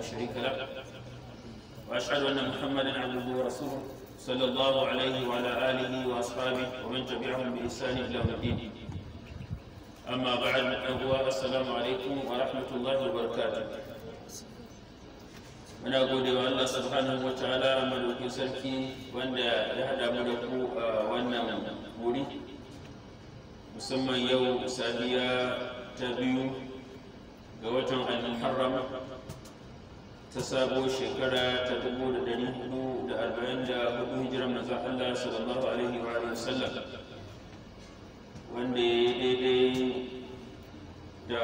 ولا شريك له وأشهد أن محمدا عبده ورسوله صلى الله عليه وعلى آله وأصحابه ومن تبعهم بإحسان إلى يوم الدين أما بعد أهواء السلام عليكم ورحمة الله وبركاته من أقول الله سبحانه وتعالى ملوك سلكي وأن يهدى ملوك وأن مولي مسمى يوم سابية ta biyu ga watan al-muharram ta sabo shekara ta 444 hijiran manzon Allah sallallahu alaihi wa sallam wanda ya daidai da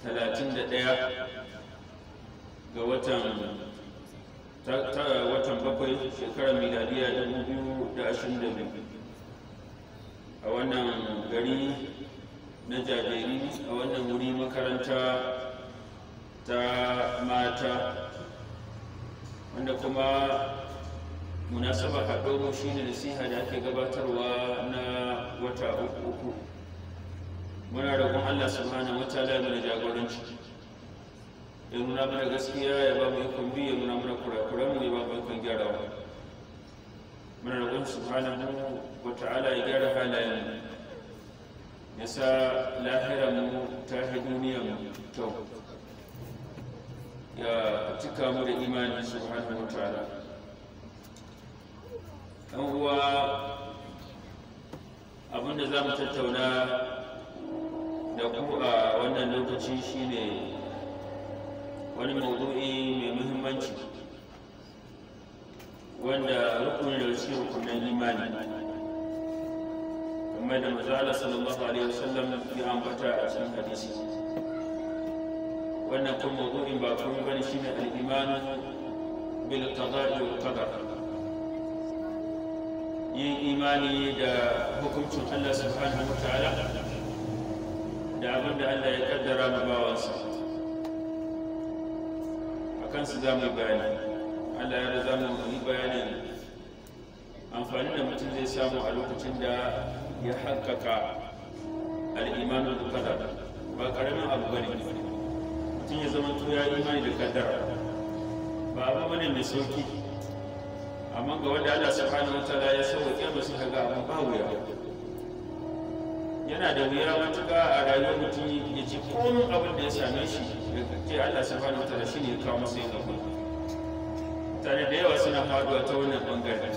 31 ga watan ta watan bakwai shekarar miladiya 2022 a wannan gari na jajiri a wannan wuri makaranta ta mata wanda kuma munasaba haɗo shi ne nasiha da ake gabatarwa na wata uku muna roƙon allah subhanahu wa ta'ala mana jagoranci ya nuna mana gaskiya ya ba mu ikon bi ya nuna mana kurakuran mu ya ba mu ikon gyarawa muna roƙon subhanahu wa ta'ala ya gyara halayen mu ya sa lahirar mu ta duniya mu kyau ya cika mu da imani su hannun tara ɗan uwa abinda za mu tattauna da ku a wannan lokaci shine wani maudu'i mai muhimmanci wanda rukunin da shi rukunin imani kamar da mazala sallallahu alaihi wasallam ya ambata a cikin hadisi وانا كم موضوع باكم بنشين الايمان بالقضاء والقدر يي ايماني دا حكم الله سبحانه وتعالى دا ابدا الله يقدر ما باوس اكن سلام بيان الله يرضى من بني بيان amfani da mutum zai samu a lokacin da ya haƙaƙa al'imanin kada ba ƙaramin abu ba ne mutum ya zama ya imani da kaddara ba abu bane mai sauki amma ga wanda Allah subhanahu wataala ya sauke musu kaga abin ba wuya yana da wuya matuka a rayuwar mutum ya ji komin abin da ya same shi da ke Allah subhanahu wataala shine ya kawo masa yin abu tare da yawa suna faduwa ta wannan bangaren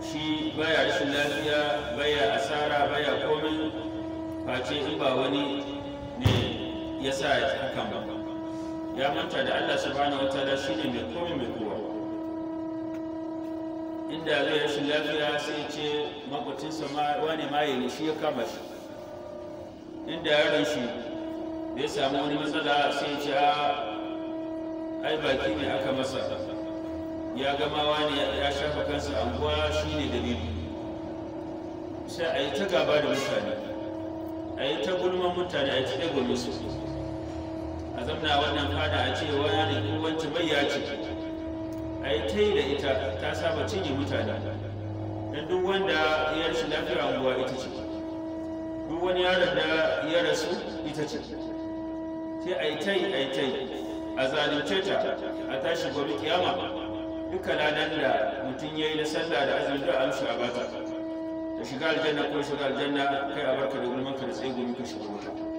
shi baya rashin lafiya baya asara baya komai face in ba wani ne ya sa ya hakan ba ya manta da Allah subhanahu ta'ala shine mai komai mai kowa inda zai rashin lafiya sai ce makwacinsa wani ma yayi shi ya kama shi inda ya shi bai samu wani matsala sai ce a ai baki ne aka masa ya gama ne ya shafa kansa anguwa shine ne dalili sai a yi ta gaba da mutane a yi ta gulman mutane a yi ta ɗagwalo su a zamna wannan fada a ce wani ne ko wancan bayya ce a yi ta yi da ita ta saba cinye mutane don duk wanda ya rasu lafiya unguwa ita ce duk wani yaron da ya rasu ita ce sai a yi ta yi a yi ta yi a zalunce ta a tashi gobe kiyama duka ranar da mutum ya yi na sallah da azumi da amshi a bata da shiga aljanna ko shiga aljanna kai a barka da gulmanka da tsaye gumi ka shiga wata.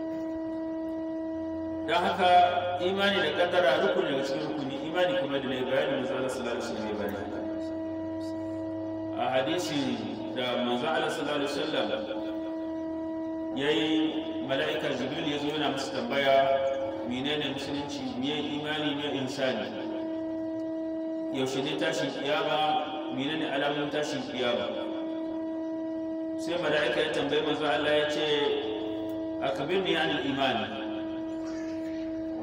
don haka imani da kadara rukuni daga cikin rukuni imani kuma da bayani manzo Allah sallallahu alaihi wasallam ya a hadisi da manzo Allah sallallahu alaihi wasallam yayi mala'ika jibril yazo yana musu tambaya menene musulunci me imani ne insani yaushe ne tashin kiyama menene alamun tashin kiyama sai mala'ika ya tambayi manzo Allah ya ce akbirni anil imani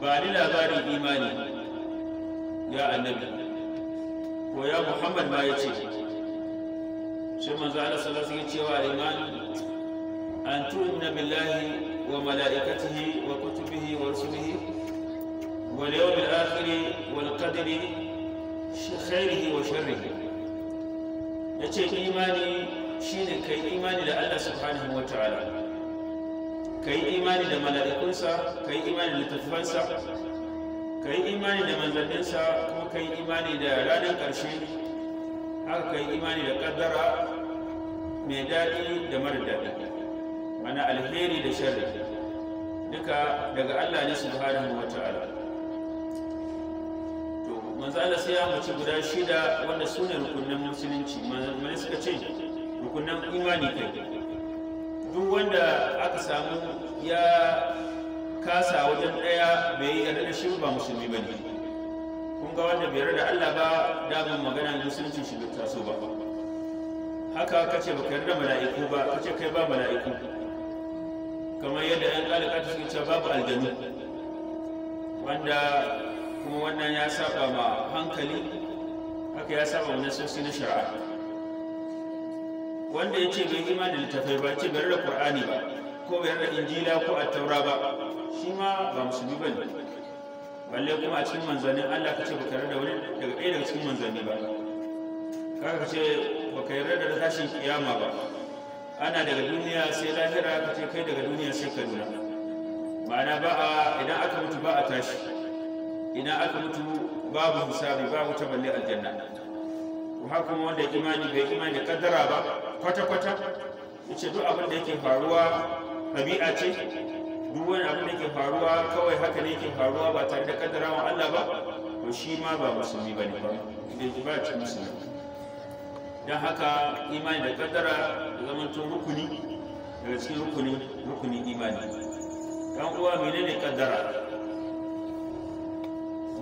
ba ni labarin imani ya annabi ko ya muhammad ma ya ce sai manzo Allah sallallahu alaihi wasallam cewa iman an tu'mina billahi wa malaikatihi wa kutubihi wa rusulihi wal yawmil akhir wal qadri khairihi wa sharrihi yace imani shine kai imani da Allah subhanahu wa ta'ala ka yi imani da mala'ikunsa ka imani da littattafansa ka yi imani da manzanninsa kuma ka imani da ranar ƙarshe haka ka yi imani da ƙaddara mai daɗi da mara daɗi mana alheri da sharri duka daga Allah ne subhanahu wa ta'ala to manzo Allah sai ya mace guda shida wanda sune rukunin musulunci manzo suka ce rukunin imani kai duk wanda aka samu ya kasa wajen ɗaya bai yarda da shi ba musulmi ba ne kun ga wanda bai yarda Allah ba damar magana musulunci shi bai taso ba haka kace baka yarda mala'iku ba kace kai ba mala'iku kamar yadda ɗan ta suke cewa babu aljanu wanda kuma wannan ya saba ma hankali haka ya saba wani sosai na shari'a wanda ya ce bai imani littafai ba ce bai da qur'ani ba ko bai da injila ko attaura ba shi ma ba musulmi ba ne balle kuma a cikin manzannin allah ka ce ba da wani daga ɗaya daga cikin manzanni ba kaka ce ba ka yarda da tashin kiyama ba ana daga duniya sai lahira ka ce kai daga duniya sai kaduna ma'ana ba a idan aka mutu ba a tashi idan aka mutu babu hisabi babu ta balle aljanna haka kuma wanda imani bai imani kaddara ba kwata-kwata yace duk abin da yake faruwa tabi'a ce duk wani abin da yake faruwa kawai haka ne yake faruwa ba tare da wa Allah ba to shi ma ba musulmi ba ne ba ba ce musulmi dan haka imani da kaddara tun rukuni daga cikin rukuni rukuni imani Dan uwa menene kaddara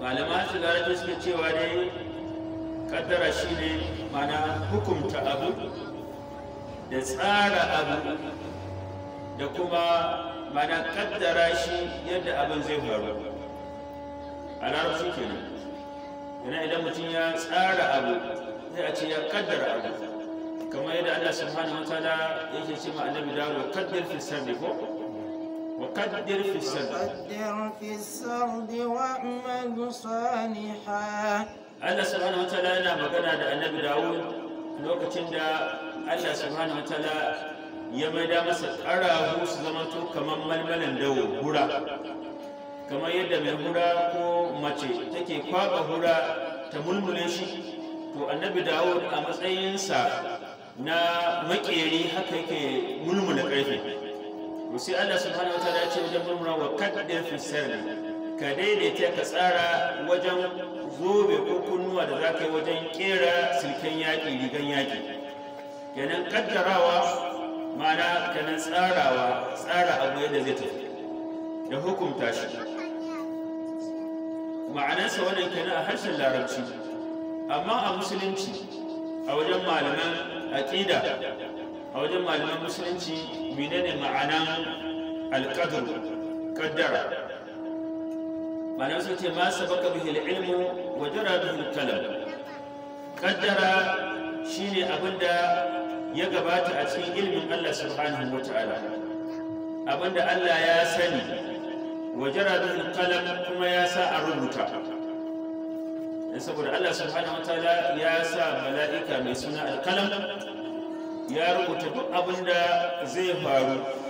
malama su lalata suka cewa dai kaddara shi ne mana hukumta abu da tsara abu da kuma mana kaddara shi yadda abin zai faru a larabci kenan yana idan mutum ya tsara abu sai a ce ya kaddara abu kamar yadda Allah subhanahu wa ta'ala yake ce ma annabi wa kaddar fi sarri ko وقدر في السرد وقدر في السرد واعمل صالحا Allah subhanahu wataala yana magana da annabi Dawud lokacin da Allah subhanahu wataala ya maida masa ƙarahu su zama to kamar malmalan dawo hura kamar yadda mai hura ko mace take kwaba hura ta mulmule shi to annabi Dawud a matsayinsa na makeri haka yake mulmula ƙarfi to sai Allah subhanahu wataala ya ce wajen mulmula wa kadda fi sirri ka daidaita ka tsara wajen zobe ko kunnuwa da za ka yi wajen kera silken yaƙi rigan yaƙi kenan kaddarawa ma'ana kenan tsarawa tsara abu yadda zai tafi da hukunta shi ma'anarsa wannan kenan a harshen larabci amma a musulunci a wajen malaman aƙida a wajen malaman musulunci menene ma'anan alƙadar kaddara malam sun ce ma baka bihil ilmu wa jara bihil kalam kaddara shine da ya gabata a cikin ilmin Allah subhanahu Abin da Allah ya sani wa jara bihil kuma ya sa a rubuta dan saboda Allah subhanahu Ta'ala ya sa mala'ika mai suna alkalam ya rubuta duk da zai faru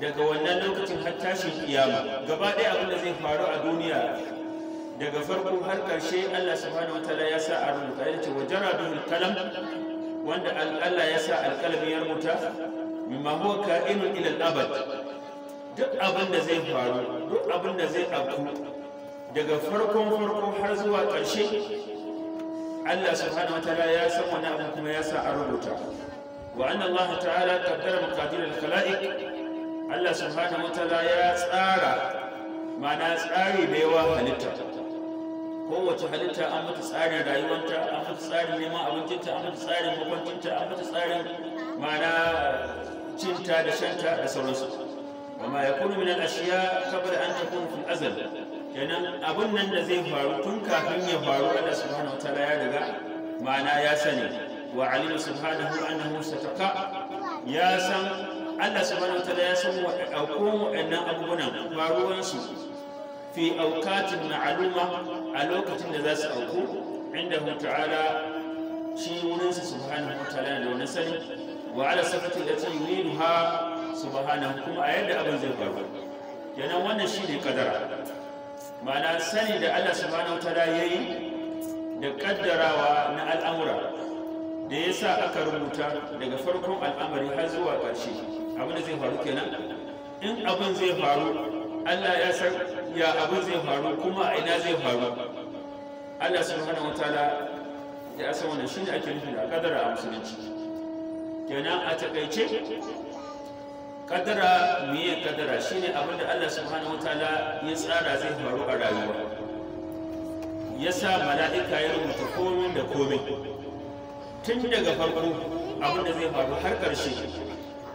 daga wannan lokacin har tashin kiyama gaba ɗaya abin da zai faru a duniya daga farko har ƙarshe Allah subhanahu wataala ya sa a rubuta ya ce wajara bihul kalam wanda Allah ya sa alƙalami ya rubuta mimma huwa ka'inun ila al-abad duk abin da zai faru duk abin da zai afku daga farkon farko har zuwa ƙarshe Allah subhanahu wataala ya san wani abu kuma ya sa a rubuta wa anna Allah ta'ala qaddara maqadir al-khalaiq Allah subhanahu wataala ya tsara ma'ana tsari da yawa halitta kowace halitta an mata tsarin rayuwanta an mata tsarin neman abincinta an mata tsarin makwancinta an mata tsarin cinta da shanta da sauransu amma ya kunu min kabar an fil azal kenan abun nan da zai faru tun kafin ya faru Allah subhanahu wataala ya riga mana ya sani wa alim subhanahu annahu ya san Allah subhanahu wataala ya san wa aukon waɗannan abubuwan su fi aukatin ma'aluma a lokacin da za su auku inda ta'ala shi wurinsa subhanahu wataala da wani sani wa ala safati da tun yi ha subhanahu kuma a yadda abin zai faru kenan wannan shi ne kadara ma'ana sani da Allah subhanahu wataala ya yi da kaddarawa na al'amura da ya sa aka rubuta daga farkon al'amari har zuwa ƙarshe abin da zai faru kenan in abin zai faru allah ya san ya abin zai faru kuma a ina zai faru allah subhanahu wa ta'ala ya san wannan ne ake nufi da kadara a musulunci kenan a takaice kadara miye kadara ne abin da allah subhanahu hana ta'ala ya tsara zai faru a rayuwa ya sa mala'ika ya rubuta komai da komai tun daga farko abin da zai faru har ƙarshe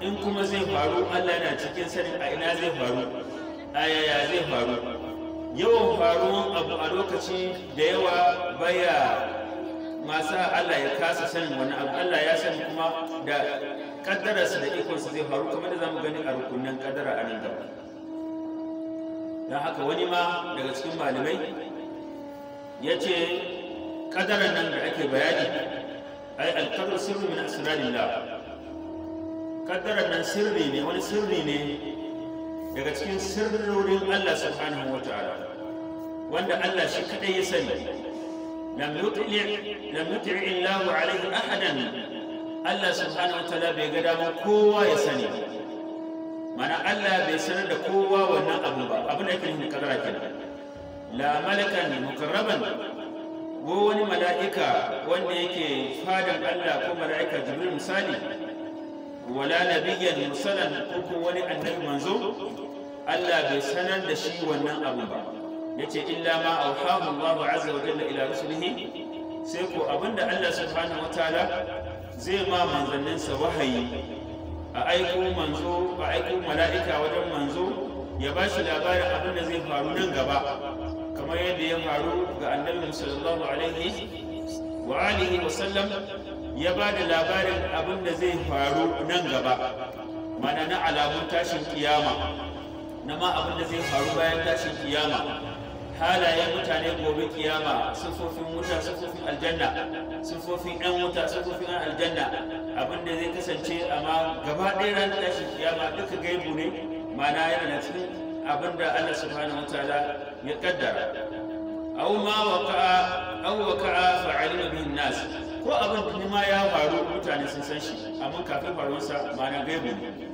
in kuma zai faru Allah na cikin sani a ina zai faru a yaya zai faru yawan faruwan abu a lokaci da yawa baya masu Allah ya kasa sanin wani abu Allah ya sani kuma da su da ikonsu zai faru kamar da zamu gani a rukunin kaddara a nan gaba don haka wani ma daga cikin malamai ya ce kaddara nan da ake bayani ai alqadar sirru min asrarillah kaddaran nan sirri ne wani sirri ne daga cikin sirrorin Allah subhanahu wa ta'ala wanda Allah shi kadai ya sani lam yutli lam yutli illahu alaihi ahadan Allah subhanahu wa ta'ala bai ga dama kowa ya sani mana Allah bai sanar da kowa wannan abu ba abin da yake nufin kadara kenan la malakan mukarraban ko wani mala'ika wanda yake fadan Allah ko mala'ika jibril misali wala nabiyyan musallan ko wani annabi manzo Allah bai sanar da shi wannan abu ba yace illa ma auhahu Allahu azza wa jalla ila rusulihi sai ko abinda Allah subhanahu ta'ala zai ma manzanninsa wahayi a aiko manzo a aiko mala'ika wajen manzo ya ba shi labarin abinda zai faru nan gaba kamar yadda ya faru ga annabi sallallahu alaihi wa alihi wa sallam ya ba da labarin abin da zai faru nan gaba mana na alamun tashin kiyama na ma abin da zai faru bayan tashin kiyama halayen mutane gobe kiyama sufofin wuta sufofin aljanna sufofin yan wuta sufofin yan aljanna abin da zai kasance amma gaba ɗaya ran tashin kiyama duka gaibu ne mana yana da cikin abinda Allah subhanahu wataala ya kaddara aw ma waqa'a aw waqa'a fa alima bihi nas ko abin da ma ya faru mutane sun san shi amma kafin sa ma na gaibu ne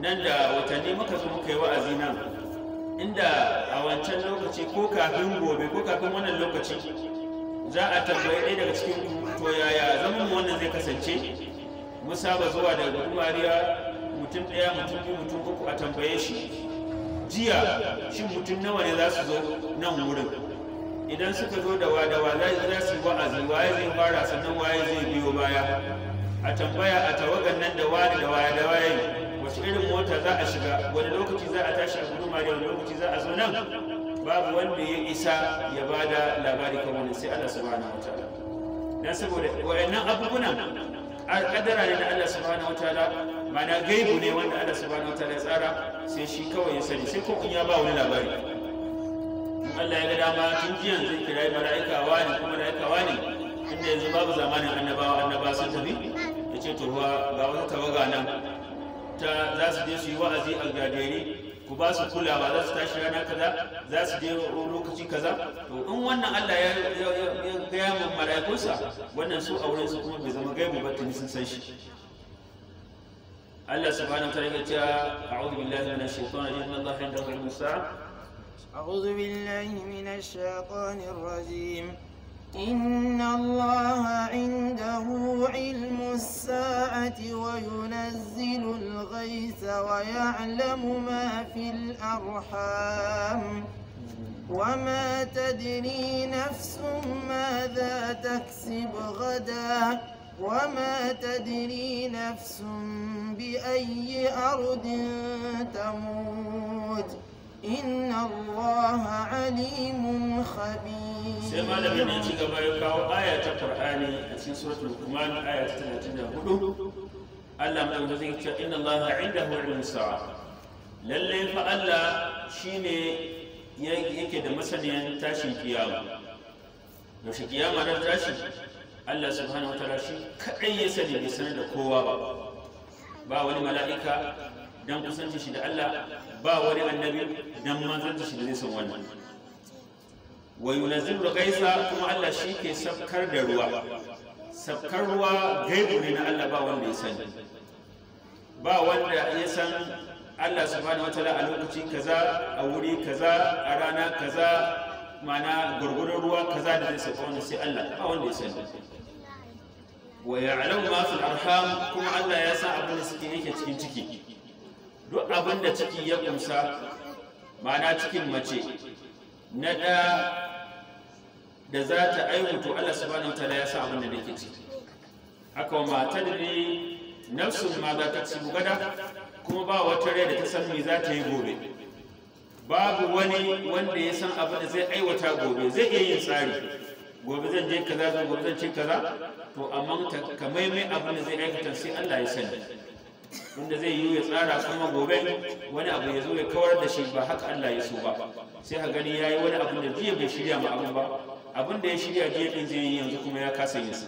nan da watanni muka zo muka yi wa'azi nan inda a wancan lokaci ko kafin gobe ko kafin wannan lokaci za a tambaye ɗaya daga cikin to yaya zaman wannan zai kasance musa saba zuwa daga gudumariya mutum ɗaya mutum biyu mutum uku a tambaye shi jiya shi mutum nawa ne za su zo nan wurin idan suka zo da wadawa za su yi wa'azi waye zai fara sannan waye zai biyo baya a tambaya a tawagan nan da wani da waya da waye wace irin mota za a shiga wani lokaci za a tashi a guduma da wani lokaci za a zo nan babu wanda ya isa ya ba da labari wani sai Allah subhanahu wa ta'ala dan saboda wayannan abubuwan alƙadara ne da Allah subhanahu wa ta'ala mana gaibu ne wanda Allah subhanahu wa ta'ala ya tsara sai shi kawai ya sani sai ko in ya ba wani labari Allah ya ga dama tun jiyan zai kira mala'ika wani kuma wani inda yanzu babu zamanin annabawa annaba sun tafi ya ce to ruwa ga wata tawaga nan ta za su je su yi wa'azi a gadere ku ba su kulawa za su tashi rana kaza za su je lokaci kaza to in wannan Allah ya gaya mun mala'ikunsa wannan su auren su kuma bai zama gaibu ba tuni sun san shi الله سبحانه وتعالى أعوذ بالله من الشيطان الرجيم الله عنده علم الساعة أعوذ بالله من الشيطان الرجيم إن الله عنده علم الساعة وينزل الغيث ويعلم ما في الأرحام وما تدري نفس ماذا تكسب غداً وما تدري نفس بأي أرض تموت إن الله عليم خبير سيما لما نتيجة بيوكا آية القرآن أتين سورة القمان آية تلاتين هدو ألا من المتزيك إن الله عنده علم الساعة للي فألا شيني يكيد مسلين تاشي كيامة لو شكيامة تاشي Allah subhanahu wa ta'ala shi kadai ya sani bai sanar da kowa ba ba wani mala'ika dan kusanci shi da Allah ba wani annabi dan manzanci shi da zai san wannan wa yunazzilu ghaisa kuma Allah shi ke sabkar da ruwa sabkar ruwa gaibu ne na Allah ba wanda ya sani ba wanda ya san Allah subhanahu ta'ala a lokaci kaza a wuri kaza a rana kaza mana gurgurun ruwa kaza da zai sauka wanda sai Allah ba wanda ya sani wa ya'lamu ma fil arham kuma Allah ya san abin da suke yake cikin ciki duk abin da ciki ya kumsa ma'ana cikin mace na da da za ta aiwato Allah subhanahu wa ta'ala ya sa abin da yake ciki haka ma tadri nafsun ma za ta ci gada kuma ba wata rai da ta san me za ta yi gobe babu wani wanda ya san abin da zai aiwata gobe zai iya yin tsari gobe zan je kaza zan gobe zan ci kaza to amma ka maimai abin da zai aikata sai Allah ya sani wanda zai yi ya tsara kuma gobe wani abu ya zo ya kawar da shi ba haka Allah ya so ba sai ka gani yayi wani abu da jiya bai shirya ma abin ba abin da ya shirya jiya din zai yi yanzu kuma ya kasa yin sa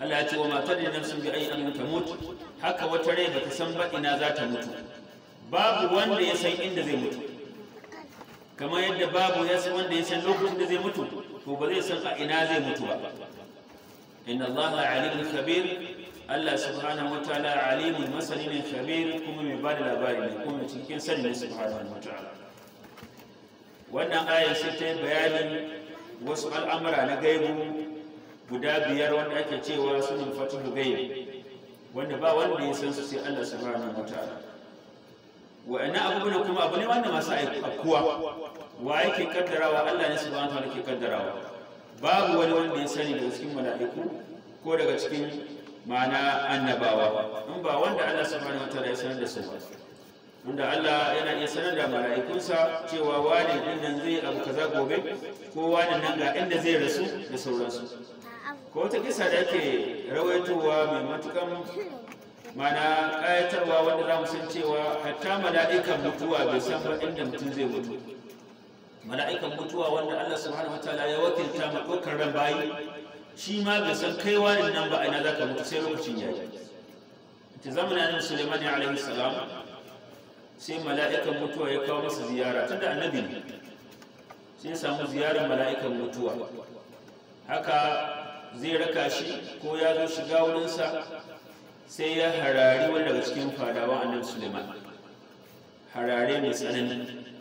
Allah ya ce wa matar da sun bi ayi an tamut haka wata rai bata san ba ina za ta mutu babu wanda ya san inda zai mutu kamar yadda babu ya san wanda ya san lokacin da zai mutu to ba zai san a ina zai mutu ba inna allaha alimul khabir Allah subhanahu wataala alimul masani ne khabir kuma mai bada labari ne kuma cikin sani ne subhanahu wataala wannan aya sai ta bayanin wasu al'amura na gaibu guda biyar wanda ake cewa sunan fatuhu gaibi wanda ba wanda ya san su sai Allah subhanahu wataala wa'annan abubuwan kuma abu ne wanda masu aikuwa wa yake kaddarawa Allah ne subhanahu wataala ke kaddarawa babu wani wanda ya sani daga cikin mala'iku ko daga cikin ma'ana annabawa in ba wanda Allah subhanahu wataala ya sanar da su ba wanda Allah yana iya sanar da mala'ikunsa cewa wani din nan zai abu kaza gobe ko wani nan ga inda zai rasu da sauransu ko wata kisa da yake rawaitowa mai matukan mana ƙayatarwa wanda za mu san cewa hatta mala'ikan mutuwa bai san ba inda mutum zai mutu mala'ikan mutuwa wanda Allah subhanahu ta’ala ya wakilta ma ran bayi shi ma ga san kai wani nan ba ina zaka mutu sai lokacin yayi ta zamanin annabi Sulaiman alayhi salam sai mala'ikan mutuwa ya kawo masa ziyara tunda annabi ne sai ya samu ziyarar mala'ikan mutuwa haka zai raka shi ko ya zo shiga wurinsa sai ya harari wanda daga cikin fadawa annabi Sulaiman harare mai tsanani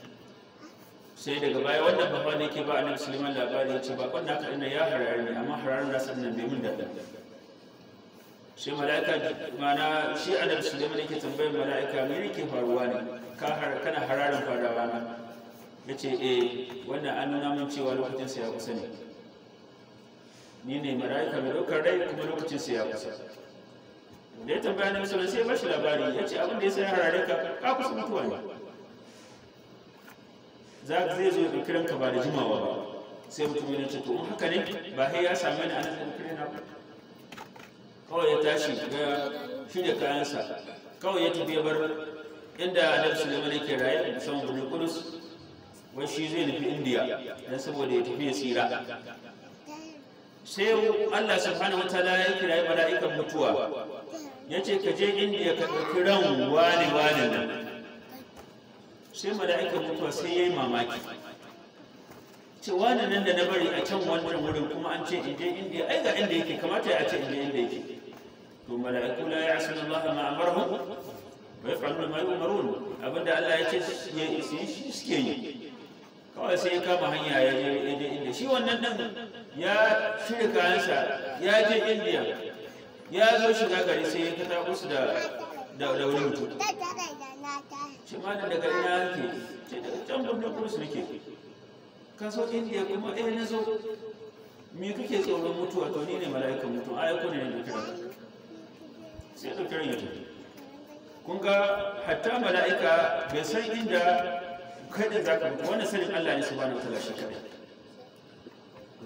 sai daga baya wannan ba ne ke ba a nan suleiman labari ya ce ba kwanda aka ina ya harare ne amma hararin nasa nan bai mun daɗin sai mala'ika mana shi annabi suleiman yake tambayi mala'ika mai yake faruwa ne kana hararin fadawa na ya ce eh wannan an nuna min cewa lokacin sa ya kusa ne ni ne mala'ika mai ɗaukar rai kuma lokacin sa ya kusa da ya tambaya na suleiman sai ya bashi labari ya ce abin da ya sai harare ka ka kusa mutuwa ne za ka zai zo ya ɗauki ranka ba da jimawa ba sai mutum ya ce to in haka ne ba sai ya same ni a nan ba kawai ya tashi ga shirya kayansa kawai ya tafi ya bar inda annabi sulaiman yake raye a bisan birnin kudus wai shi zai nufi indiya don saboda ya tafi ya tsira sai allah subhanahu ya kira ya kirayi mala'ikan mutuwa ya ce ka je indiya ka ɗauki ran wani wani nan sai mala'ika mutuwa sai ya yi mamaki cewa da nan da na bari a can wannan wurin kuma an ce inje inda ai ga inda yake kamata ya ce inje inda yake to mala'iku la ya'suna Allah ma amarhum wa yaf'aluna ma yu'marun abinda Allah ya ce ya isi suke yi kawai sai ya kama hanya ya je inda inda shi wannan dan ya shirya kayansa ya je indiya ya zo shiga gari sai ya kata wasu da da wani mutum shi da daga ina yake ce daga can gudun kurus nake ka so indiya kuma eh na zo me kuke tsoron mutuwa to ni ne mala'ikan mutu? ai ko ne ne kira sai da kiran yake kun ga hatta mala'ika bai san inda kada za ka mutu wani sanin Allah ne su subhanahu wata gashi kadai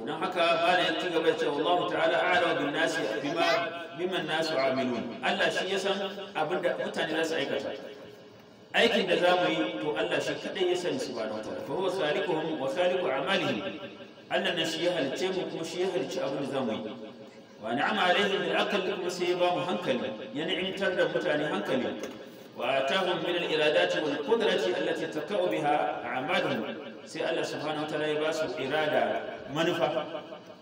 don haka bala ya ci gaba cewa Allah ta'ala a'lamu bin nasi bima biman nasu amilun Allah shi ya san abinda mutane za su aikata aikin da za mu yi to Allah shi kaɗai ya sani su ba da wata fa huwa salikuhum wa saliku amalihi Allah na shi ya halice mu kuma shi ya halice abin da za mu yi wa ni'ama alaihim bil aql kuma sai ya ba mu hankali ya ni'imtar da mutane hankali wa atahum min al iradati wal qudrati allati takau biha a'maluhum sai Allah subhanahu wa ta'ala ya ba su irada manufa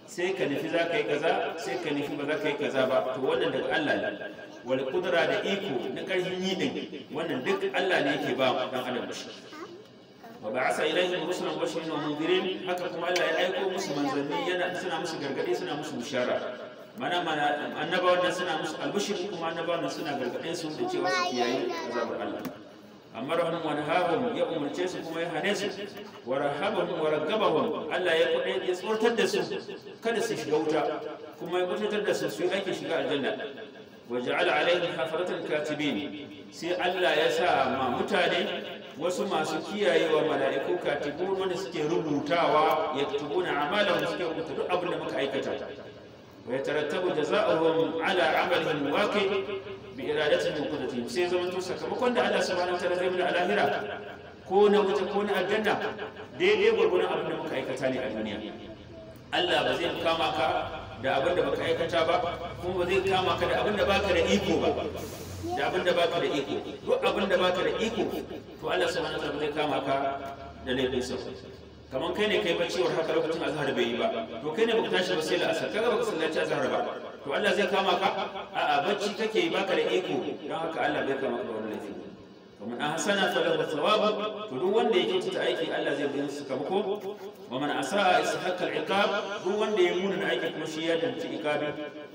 sai ka nufi za ka yi kaza sai ka nufi ba za ka yi kaza ba to wannan daga Allah ne wal kudura da iko na karfin yi din wannan duk Allah ne yake ba dan adam shi wa ba'asa ilaihim rusulan bashirin wa mundirin haka kuma Allah ya aiko musu manzanni yana suna musu gargadi suna musu bishara mana mana annabawan suna musu albushir kuma annabawan suna gargadin su da cewa su kiyaye azabar Allah amarahum wani nahahum ya umarce su kuma ya hane su wa rahabahum wa ragabahum Allah ya kudai ya tsortar da su kada su shiga wuta kuma ya kutar da su su ake shiga aljanna wa ja'ala alaihim hafaratan katibin sai Allah ya sa ma mutane wasu masu kiyayewa mala'iku katibu wanda suke rubutawa yaktubuna amalahum suke rubuta duk abin da muka aikata wa yatarattabu jaza'uhum ala amalin waqi' bi iradatin muqaddatin sai zaman to sakamakon da Allah subhanahu ta'ala zai mana a ko na wuta ko na aljanna daidai gurgurun abin da muka aikata ne a duniya Allah ba zai kama ka da abin da baka aikata ba kuma ba zai kama ka da abin da baka da iko ba da abin da baka da iko duk abin da baka da iko to Allah subhanahu ta'ala zai kama ka da laifin sa kamar kai ne kai bacciwar haka lokacin azhar bai yi ba to kai ne baka tashi ba sai la'asar kaga baka sallaci azhar ba to Allah zai kama ka a a bacci kake yi baka da iko don haka Allah zai kama ka da wannan zai wa man ahsana falahu to duk wanda yake cuta aiki Allah zai bin su kama ko wa man asaa ishaqa al-iqab duk wanda ya muna aiki kuma shi ya danci iqabi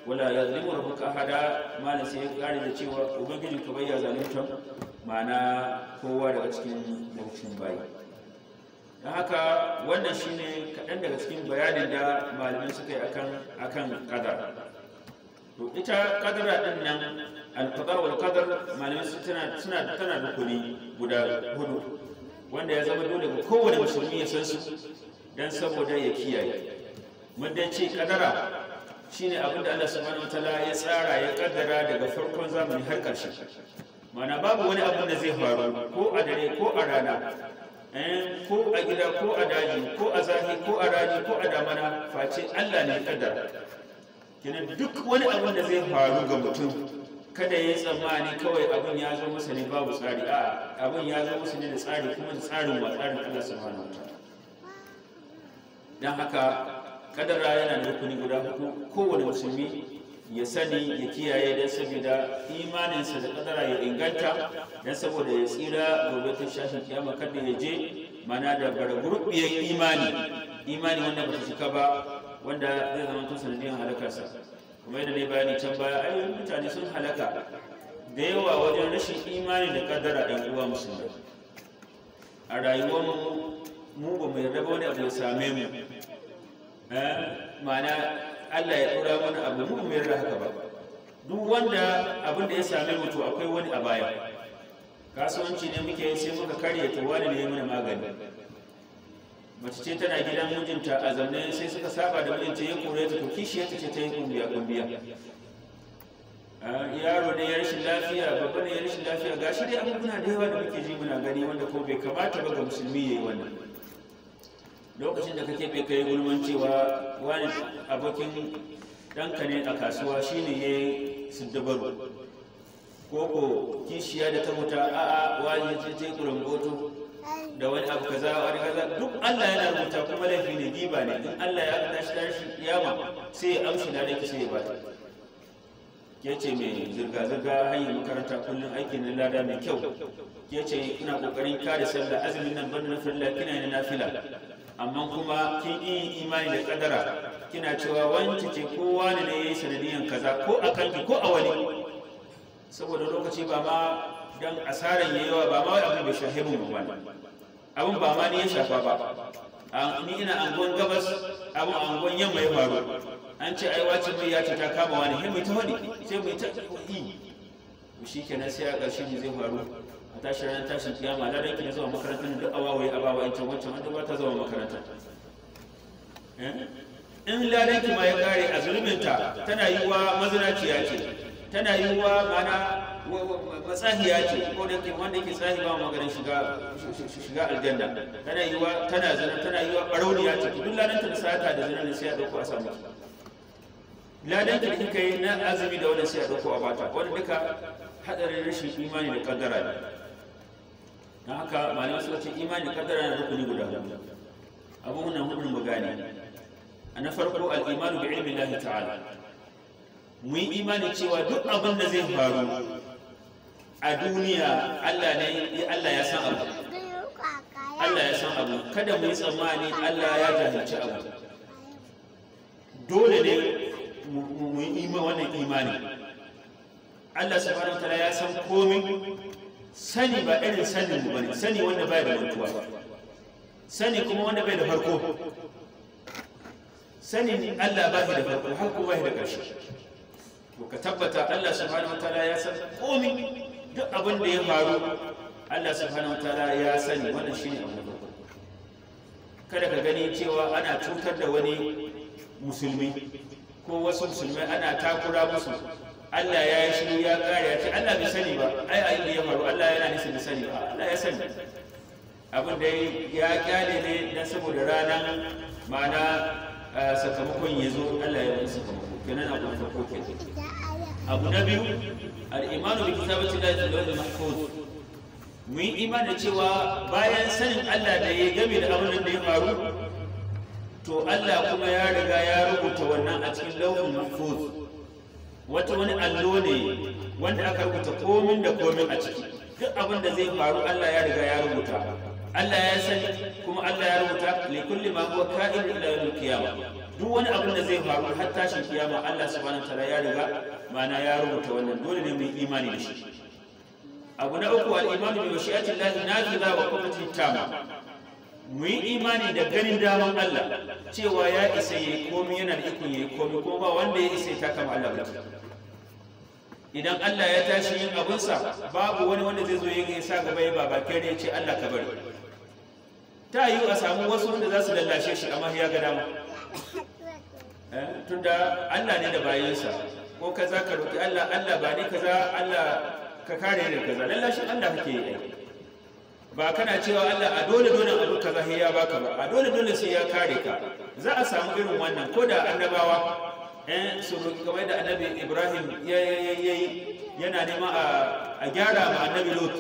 wala yazlimu rabbuka hada malan sai ya kare da cewa ubangiji ka bayya zalunta mana kowa daga cikin mutum bai don haka wannan shine kaɗan daga cikin bayanin da malamin suka yi akan akan kadar to ita kadara din nan alqadar wal qadar malaman su tana tana tana rukuni guda hudu wanda ya zama dole ga kowane musulmi ya san su dan saboda ya kiyaye mun dan ce kadara shine abin da Allah subhanahu wataala ya tsara ya kaddara daga farkon zamani har karshe mana babu wani abin da zai faru ko a dare ko a rana eh, ko a gida ko a daji ko a zafi ko a rani ko a damana face Allah ne ya kaddara kenan duk wani abin da zai faru ga mutum kada ya tsammani kawai abin ya zo masa ne babu tsari a abin ya zo masa ne da tsari kuma da tsarin wa tsarin Allah subhanahu wa dan haka kadara yana da rukuni guda hudu kowane musulmi ya sani ya kiyaye dan saboda imaninsa da kadara ya inganta dan saboda ya tsira gobe ta shashin kiyama kada ya je mana da bargurbiyar imani imani wanda ba su cika ba wanda zai zama tun sanadiyar halakarsa kuma yadda ne bayani can baya ai mutane sun halaka da yawa wajen rashin imani da kaddara ɗan uwa musulmai a rayuwar mu ba mai raba wani abu ya same mu eh, ma'ana Allah ya ɗora wani abu mu mai raba haka ba duk wanda abin da ya same mu to akwai wani a baya kasuwanci ne muke sai muka karya to da ne mana magani mace ce tana gidan mijinta a zanne sai suka saba da mijinta ya kore ta to kishiya ce ta yi kumbiya kumbiya yaro ne ya rashin lafiya babba ne ya rashin lafiya ga shi dai abubuwa da yawa da muke ji muna gani wanda ko bai kamata ba ga musulmi ya yi wannan lokacin da kake bai kai gulman cewa wani abokin ɗanka ne a kasuwa shine ya yi siddabaru ko ko kishiya da ta wuta a'a wani ya je kurangoto da wani abu kaza wani kaza duk Allah yana rubuta kuma laifi ne giba ne in Allah ya ta shi tashi kiyama sai ya amshi na dake sai ya bata ya ce mai zirga zirga hanyar makaranta kullum aiki na lada mai kyau ya ce ina kokarin kare sallah azumin nan banda na farilla kina yin nafila amma kuma kin yi imani da kadara kina cewa wance ce kowa ne ne yi sanadiyan kaza ko a kanki ko a wani saboda lokaci ba ma dan asaran yayi ba ma wai abin bai shahibu ba abin ba ma ni ya shafa ba ni ina angon gabas abin angon yamma ya faru an ce ai wacin mai ya ce ta kama wani sai mai ta wani sai mai ta yi shi kenan sai a ƙarshe mu zai faru a tashi ranar tashin kiyama da ranki na zuwa makarantar duk awawai abawa in can wancan wanda ba ta zama makaranta eh? in ladanki ma ya kare a zulminta tana yiwuwa mazinaciya ce tana yiwuwa mana matsahiya ce ko da ke wanda ke tsahi ba maganin shiga aljanna tana yi wa tana zina tana yi barauniya ce duk ladanta da sata da zina ne sai a dauko a samu ladanta da kika yi na azumi da wani sai a dauko a bata wanda duka hadarin rashin imani da kaddara ne don haka malamai suka ce imani da kaddara na rukuni guda abubuwan nan hudun mu gane na farko al'imanu bi ilmi lahi ta'ala mu yi imani cewa duk abin da zai faru a duniya Allah ne Allah ya san abu Allah ya san abu kada mu yi tsammani Allah ya jahilci abu dole ne mu yi wannan imani Allah subhanahu wataala ya san komai sani ba irin sanin mu bane sani wanda bai da mutuwa sani kuma wanda bai da farko sanin Allah ba da farko har kuma bai da ƙarshe to ka tabbata Allah subhanahu wataala ya san komai duk abin da ya faru Allah subhanahu wataala ya sani wannan shine abin da kada ka gani cewa ana cutar da wani musulmi ko wasu musulmai ana takura musu Allah ya yi shiru ya kare ya ce Allah bai sani ba ai ayin da ya faru Allah yana nisa bai sani ba Allah ya sani abin da ya kyale ne dan saboda rana, ma'ana sakamakon ya zo Allah ya yi sakamako kenan abin farko kenan abu na biyu al'imanu bi kitabati la yadullu mahfuz mu yi da cewa bayan sanin Allah da ya game da abin da ya faru to Allah kuma ya riga ya rubuta wannan a cikin lauhul mahfuz wata wani allo ne wanda aka rubuta komin da komin a ciki duk abin da zai faru Allah ya riga ya rubuta Allah ya sani kuma Allah ya rubuta li kulli ma huwa ka'in ila yawmil qiyamah duk wani abin da zai faru har tashin kiyama Allah subhanahu wa ta'ala ya riga ma'ana ya rubuta wannan dole ne mu yi imani da shi abu na uku imani bi washiyatin na nazila wa qudratin tama mu yi imani da ganin daman Allah cewa ya isa yayi komai yana da ikon yayi komai kuma ba wanda ya isa ta kama Allah ba idan Allah ya tashi yin abunsa babu wani wanda zai zo ya sa gaba ya baba kai ya ce Allah ka bari ta yi a samu wasu wanda za su lallashe shi amma ya ga dama eh, tunda Allah ne da bayansa ko kaza ka roƙi Allah Allah ba ni kaza Allah ka kare ni kaza lallashin Allah kake yi ba kana cewa Allah a dole dole abu kaza sai ya baka ba a dole dole sai ya kare ka za a samu irin wannan ko da annabawa eh su roƙi kamar da annabi Ibrahim yana nema a gyara ma annabi Lot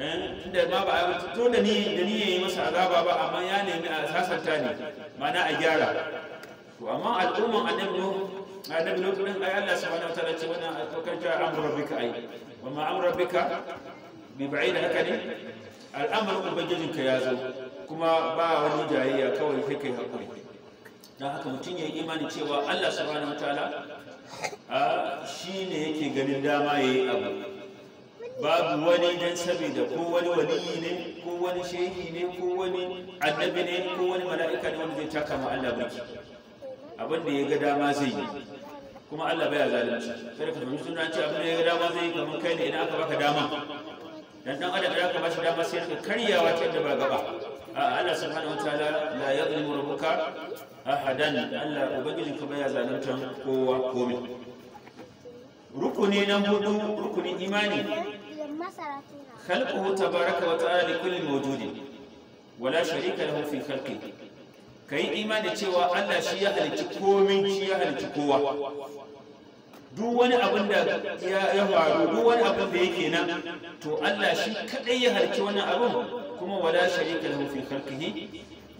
inda eh, ma ba a da ni da ni yayi masa azaba ba amma ya nemi a sasanta ne mana a gyara to amma al'umman annabi annabi lutu din ai Allah subhanahu ta'ala ce wannan alkar ja amru rabbika ai wa ma amru rabbika bi ba'id haka ne al'amarin ka ya kuma ba wani jayayya kawai sai kai hakuri dan haka mutum ya yi imani cewa Allah subhanahu wataala shi ne yake ganin dama yayi abu babu wani don saboda ko wani waliyi ne ko wani shehi ne ko wani annabi ne ko wani mala'ika ne wanda zai taka ma Allah baki abin da ya ga dama zai yi kuma Allah baya zalunci kada ka fahimci suna ce abin da ya dama zai kamar kai ne idan aka baka dama dan dan adam da ka bashi dama sai ka karyawa ta yadda ba gaba Allah subhanahu wataala la yadhlimu rabbuka ahadan Allah ubangijin ka baya zaluntan kowa komai rukuni na hudu rukunin imani خلقه تبارك وتعالى لكل موجود ولا شريك له في خلقه ka yi imani cewa Allah shi ya halicci komin shi ya halicci kowa duk wani abin da ya faru duk wani abin da yake nan to Allah shi kadai ya halicci wannan abin kuma wala sharika lahu fi khalqihi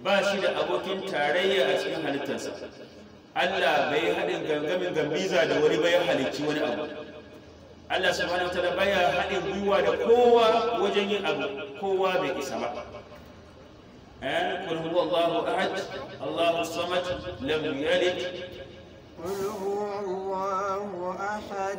ba shi da abokin tarayya a cikin halittarsa Allah bai hadin gangamin gambiza da wani bai halicci wani abu Allah subhanahu ta'ala bai haɗin gwiwa da kowa wajen yin abu kowa bai isa ba آن قل هو الله أحد الله الصمد لم يلد قل هو الله أحد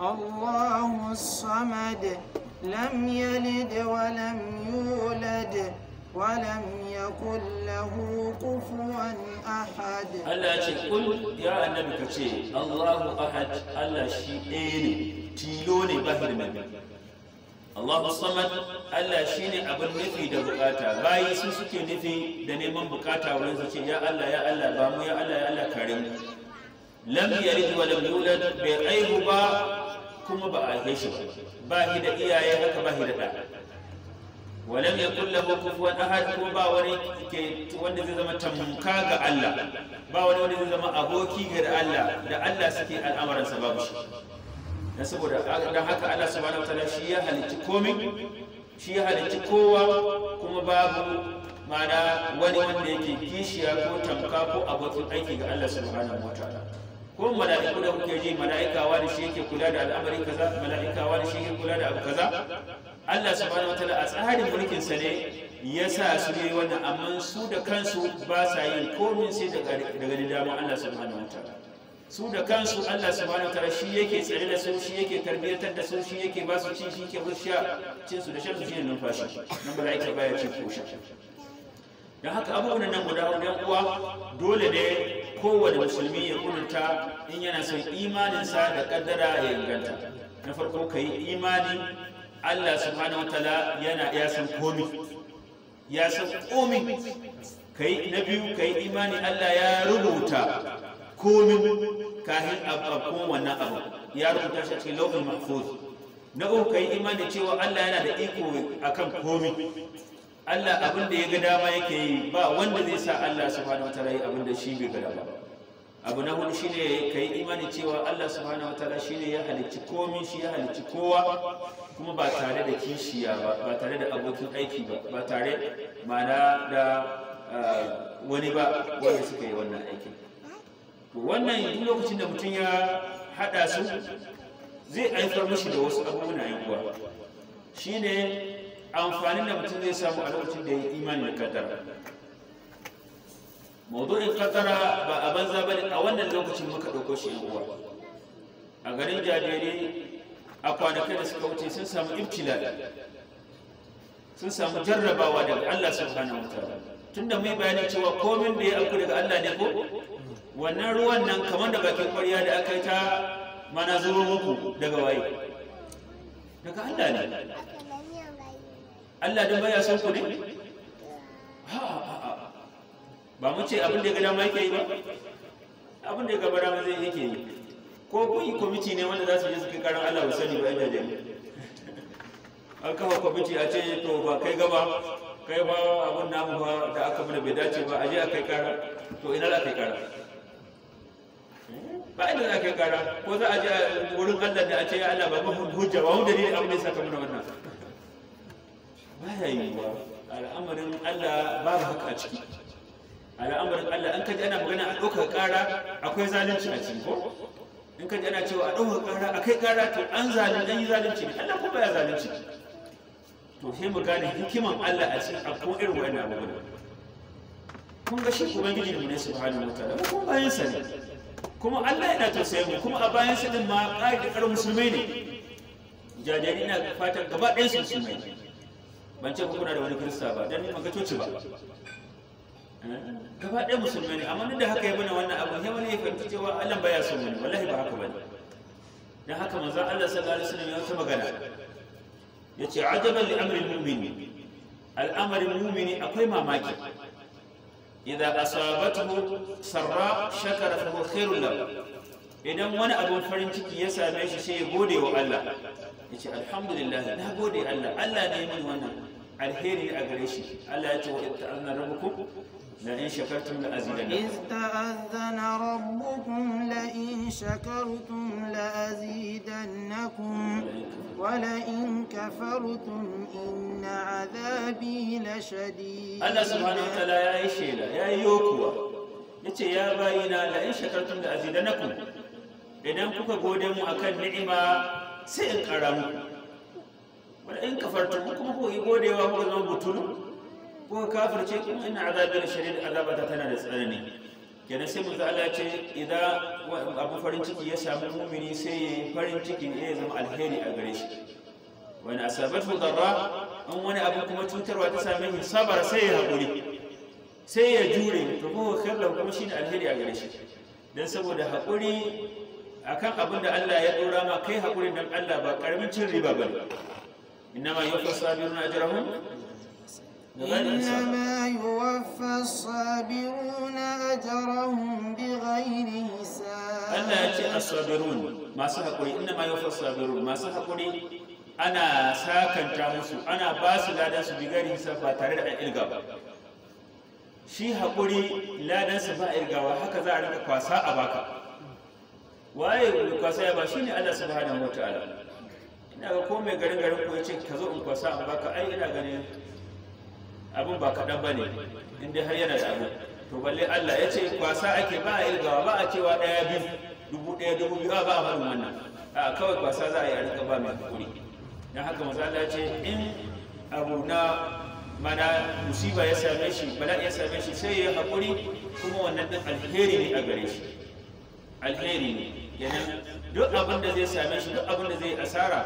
الله الصمد لم يلد ولم يولد ولم يكن له كفوا أحد ألا قل يا النبي كتير الله أحد ألا شيئين تيلوني بهر من Allahu samad Allah shine abin nufi da bukata bayi su suke nufi da neman bukata wurin su ce ya Allah ya Allah ba mu ya Allah ya Allah kare mu lam yalid wa lam yulad bai aihu ba kuma ba a haife shi ba ba shi da iyaye haka ba shi da da wa lam yakul lahu kufuwan ahad ko ba wani ke wanda zai zama tamka ga Allah ba wani wanda zai zama aboki ga Allah da Allah suke al'amuransa babu shi na saboda don haka Allah subhanahu wataala shi ya halicci komai shi ya halicci kowa kuma babu mana wani wanda yake kishiya ko tamka ko abokin aiki ga Allah subhanahu wataala ko mala'iku da kuke ji mala'ika wani shi yake kula da al'amari kaza mala'ika wani shi yake kula da abu kaza Allah subhanahu wataala a tsarin mulkin sa ne ya sa su ne wannan amma su da kansu ba sa yin komai sai daga daga dama Allah subhanahu wataala su da kansu Allah subhanahu wataala shi yake tsare da su shi yake tarbiyyatar da su shi yake basu su ci shi yake musu cin su da shan su ne numfashi nan malaika baya ce ko shi. don haka abubuwan nan guda ɗan uwa dole ne kowane musulmi ya kunta in yana son imaninsa da kaddara ya inganta na farko ka yi imani Allah subhanahu wataala yana ya san komi ya san komi kai na biyu kai imani Allah ya rubuta komin kahin abakon wannan abu ya rubuta shi a cikin lauhul mahfuz na uku kai imani cewa Allah yana da iko akan komi Allah abin ya ga dama yake yi ba wanda zai sa Allah subhanahu wataala yi abin da shi bai ga dama abu na hudu shine kai imani cewa Allah subhanahu wataala shine ya halicci komi shi ya halicci kowa kuma ba tare da kishiya ba ba tare da abokin aiki ba ba tare mana da ah, wani ba wanda suka yi wannan aikin wannan yi lokacin da mutum ya haɗa su zai aifar mashi da wasu abubuwan yin kuwa shi ne amfanin da mutum zai samu a lokacin da ya yi imanin katara maudu'in katara ba a banza ba ne a wannan lokacin muka ɗauko shi yan uwa a garin jajere a kwanakai da suka wuce sun samu ibtila sun samu jarrabawa daga allah subhanahu wa ta'ala tunda mai bayanin cewa komin da ya auku daga allah ne ko wannan ruwan nan kamar da bakin kwariya da aka yi ta mana zuru muku daga waye daga Allah ne Allah don baya son ku ne ba mu ce abin da ya ga dama yake yi ba abin da ya gaba dama zai yake yi ko kun yi kwamiti ne wanda za su je su kai karan Allah ba sani ba inda jami an kawo kwamiti a ce to ba kai gaba kai ba abin namu ba da aka mana bai dace ba a je a kai kara to ina za ka yi kara ba inda za ka kara ko za a je wurin Allah da a ce Allah ba mu hujja ba wanda ne abin da saka mana wannan ba ya yi wa al'amarin Allah ba haka a ciki al'amarin Allah an kaji ana magana a ɗaukar ƙara akwai zalunci a ciki ko in kaji ana cewa a ɗaukar ƙara a kai ƙara to an zalunci an yi zalunci ne Allah kuma ya zalunci to sai mu gane hikiman Allah a cikin abu irin wannan abubuwan kun ga shi ubangiji ne subhanahu wataala mu kuma bayan sa ne kuma Allah yana ta mu kuma a bayan su din ma ƙari ƙar musulmai ne jajiri na fatan gaba ɗayan su musulmai ban ce kuna da wani kirista ba dan ban ga coci ba eh, gaba ɗaya musulmai ne amma duk da haka ya bane wannan abu ya wani ya fahimci cewa Allah baya son wani wallahi ba haka ne. dan haka manzo Allah sallallahu alaihi wasallam ya wata magana yace ajaban li amri al-mu'min al mumini akwai mamaki idza asabatuhu sarra shakara fa khairul lahu idan wani abin farin ciki ya same shi sai ya gode wa Allah ya ce alhamdulillah na gode Allah Allah ne min wannan alheri a gare shi Allah ya ce wa ta'anna rabbukum لئن شكرتم لأزيدنكم إذ تأذن ربكم لئن شكرتم لأزيدنكم ولئن كفرتم إن عذابي لشديد الله سبحانه وتعالى يا إيشيلا يا يوكوا يتي يا باينا لئن شكرتم لأزيدنكم idan kuka gode mu akan ni'ima sai in kara muku wala in kafartum kuma ku yi godewa ku zama butulu kuka kafirce kuma ina azabar shari'ar azabata tana da tsanani kenan sai manzo Allah ce idan abu farin ciki ya samu mumini sai ya farin cikin ya zama alheri a gare shi wani asabar darra an wani abu kuma cutarwa ta sami shi sabar sai ya haƙuri sai ya jure to kuma kallon kuma ne alheri a gare shi Don saboda haƙuri akan abin da Allah ya dora ma kai haƙurin dan Allah ba ƙaramin cin riba bane inna ma yufasabiru ajrahum إنما يوفى الصابرون أجرهم بغير حساب الله يأتي الصابرون ما سحقري إنما يوفى الصابرون ما سحقري أنا ساكن تامسو أنا باس لا دانسو بغير حساب باتارد عن إلغاب shi haƙuri لا ba irgawa haka هكذا أنا rika kwasa a baka waye kwasa ya ba shi ne allah subhanahu wa ta'ala ina ga ko mai garin garin ko ya ce ka zo in kwasa a baka ai ina ganin abin ba kaɗan ba ne inda har yana da abin to balle allah ya ce kwasa ake ba a ilgawa ba a cewa ɗaya biyu dubu ɗaya dubu biyu ba a faɗin wannan a kawai kwasa za a yi a rika ba mai hakuri don haka allah ya ce in abu na mana musiba ya same shi bala ya same shi sai ya haƙuri kuma wannan ɗin alheri ne a gare shi alheri ne yana duk abin da zai same shi duk abin da zai asara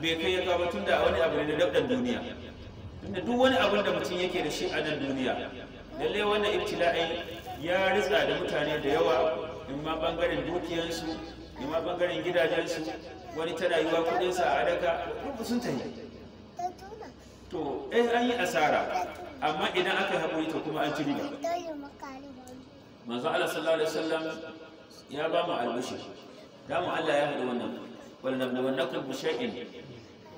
bai kai ya kawo tun da wani abu ne na dabdan duniya tunda duk wani abin da mutum yake da shi a nan duniya lalle wannan iftila'i ya ritsa da mutane da yawa in ma bangaren dukiyansu in ma bangaren gidajensu wani ta rayuwa sa a adaka duk sun tafi to eh an yi asara amma idan aka haƙuri to kuma an ci riba manzo Allah sallallahu alaihi wasallam ya ba mu albishi da Allah ya hada wannan wal nabluwannakum bi shay'in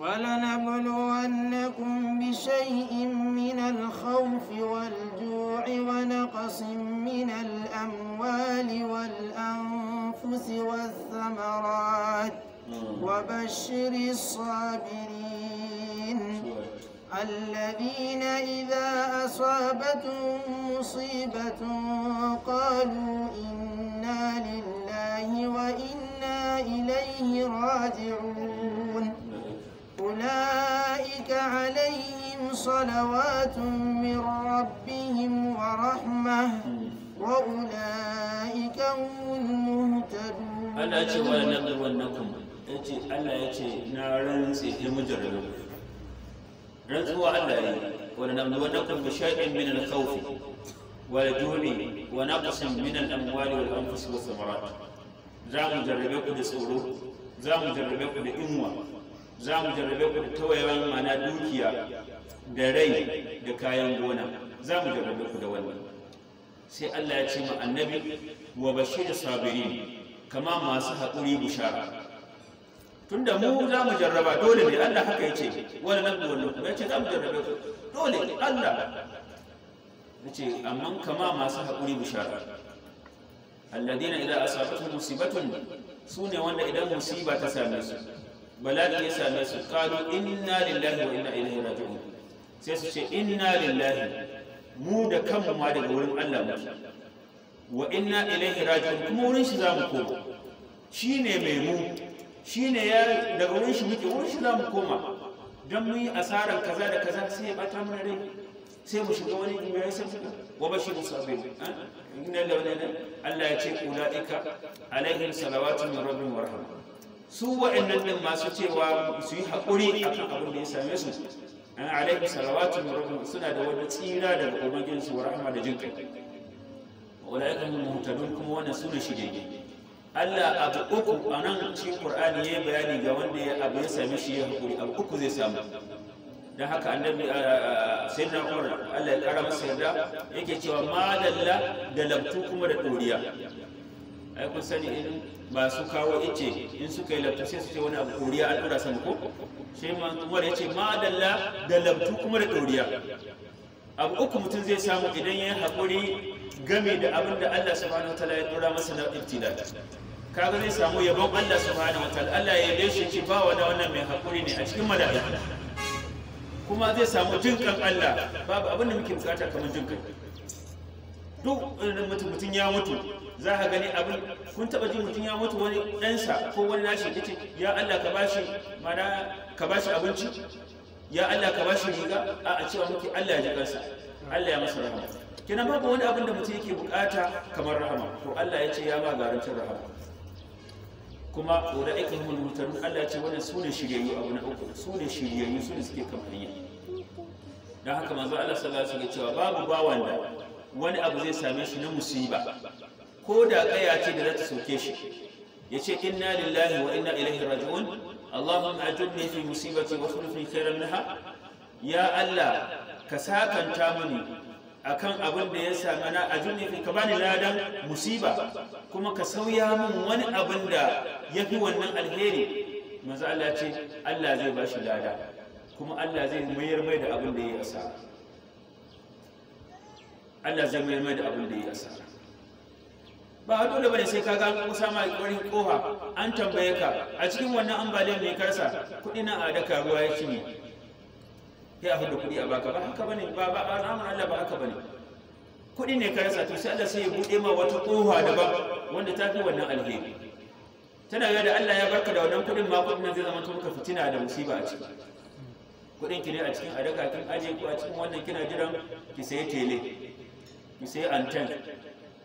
ولنبلونكم بشيء من الخوف والجوع ونقص من الأموال والأنفس والثمرات نعم. وبشر الصابرين الذين إذا أصابتهم مصيبة قالوا إنا لله وإنا إليه راجعون أولئك عليهم صلوات من ربهم ورحمة وأولئك هم المهتدون ألا أنت ألا يتي نارا سيدي مجرد رزقوا ولنبلونكم بشيء من الخوف والجوع ونقص من الأموال والأنفس والثمرات za mu jarrabe ku da tsoro za mu jarrabe ku da tawayewan mana dukiya da rai da kayan gona za mu jarrabe ku da wannan sai Allah ya ce ma annabi wa bashir sabirin kama masu haƙuri bushara tunda mu za mu jarraba dole ne Allah haka ya ce wani nan da wannan ya ce za mu jarrabe ku dole Allah ya ce amma kama masu haƙuri bushara alladina idan asabatu musibatun su ne wanda idan musiba ta same su bala'i ya same su kalu inna lillahi wa inna ilaihi raji'un sai su ce inna lillahi mu da kanmu ma daga wurin Allah muke wa inna ilaihi raji'un kuma wurin shi zamu koma shine mai mu shine ya daga wurin shi muke wurin shi zamu koma dan mu yi asaran kaza da kaza sai ya bata mana rai sai mu shiga wani jimiyar sai shiga wa bashi musabin inna lillahi Allah ya ce ulaika alaihim salawatun min rabbihim wa su waɗannan ɗin masu cewa su yi haƙuri a kan abin da ya same su an alaihi salawatu wa suna da wani tsira daga su wa rahama da jin kai ula'ikan muhtadun kuma wannan suna shige Allah abu uku a nan cikin Qur'ani yayi bayani ga wanda ya abu ya same shi ya haƙuri, abu uku zai samu dan haka annabi sayyidina Umar Allah ya kara masa yarda yake cewa madalla da labtu kuma da doriya ai kun sani in masu kawo ice in suka yi labtu sai su ce wani abu ɗoriya an ɗora sama ko sai ma umar ya ce ma dalla da labtu kuma da ɗoriya abu uku mutum zai samu idan ya yi haƙuri game da abin da Allah subhanahu wataala ya ɗora masa na ibtila kaga zai samu yabon Allah subhanahu wataala Allah ya yi shi ce ba da wannan mai haƙuri ne a cikin mala'iku kuma zai samu jinkan Allah babu abin da muke bukata kamar jinkan duk eh, mutum mutum ya mutu za ka gani abin kun taba ji mutum ya mutu wani ɗansa ko wani nashi ya ce ya Allah ka bashi mana ka bashi abinci ya Allah ka bashi riga a a cewa muke Allah ya ji kansa Allah ya masa rahama kenan babu wani abin da mutum yake bukata kamar rahama to Allah ya ce ya ba garantin rahama kuma ula'ika mun mutarun Allah ya ce wannan su ne shiryayyu abu na uku su ne shiryayyu su ne suke kan hanya dan haka manzo Allah sallallahu alaihi wasallam ya ce babu bawan da wani abu zai same shi na musiba ko da ƙaya ce da za ta soke shi ya ce inna lillahi wa inna ilaihi raji'un allahumma ajurni fi musibati wa khulfni khairan minha ya allah ka sakanta mini akan abin da ya same na ajurni fi ka bani ladan musiba kuma ka sauya min wani abin da ya fi wannan alheri manzo Allah ce Allah zai ba shi lada kuma Allah zai mayar mai da abin da ya yi asara Allah zai mayar mai da abin da ya yi ba dole bane sai ka ga an kusa ma ƙorin kofa an tambaye ka a cikin wannan ambaliyar mai karsa kuɗi na a da ruwa ya cinye ya a da kuɗi a baka ba haka bane ba ba al'amun Allah ba haka bane kuɗi ne karsa to sai Allah sai ya buɗe ma wata kofa daban wanda ta fi wannan alheri tana ga da Allah ya barka da wannan kuɗin ma kuɗin zai zama maka fitina da musiba a ciki kuɗin ki ne a cikin adaka kin aje ko a cikin wannan kina jiran ki sayi tele ki sayi anten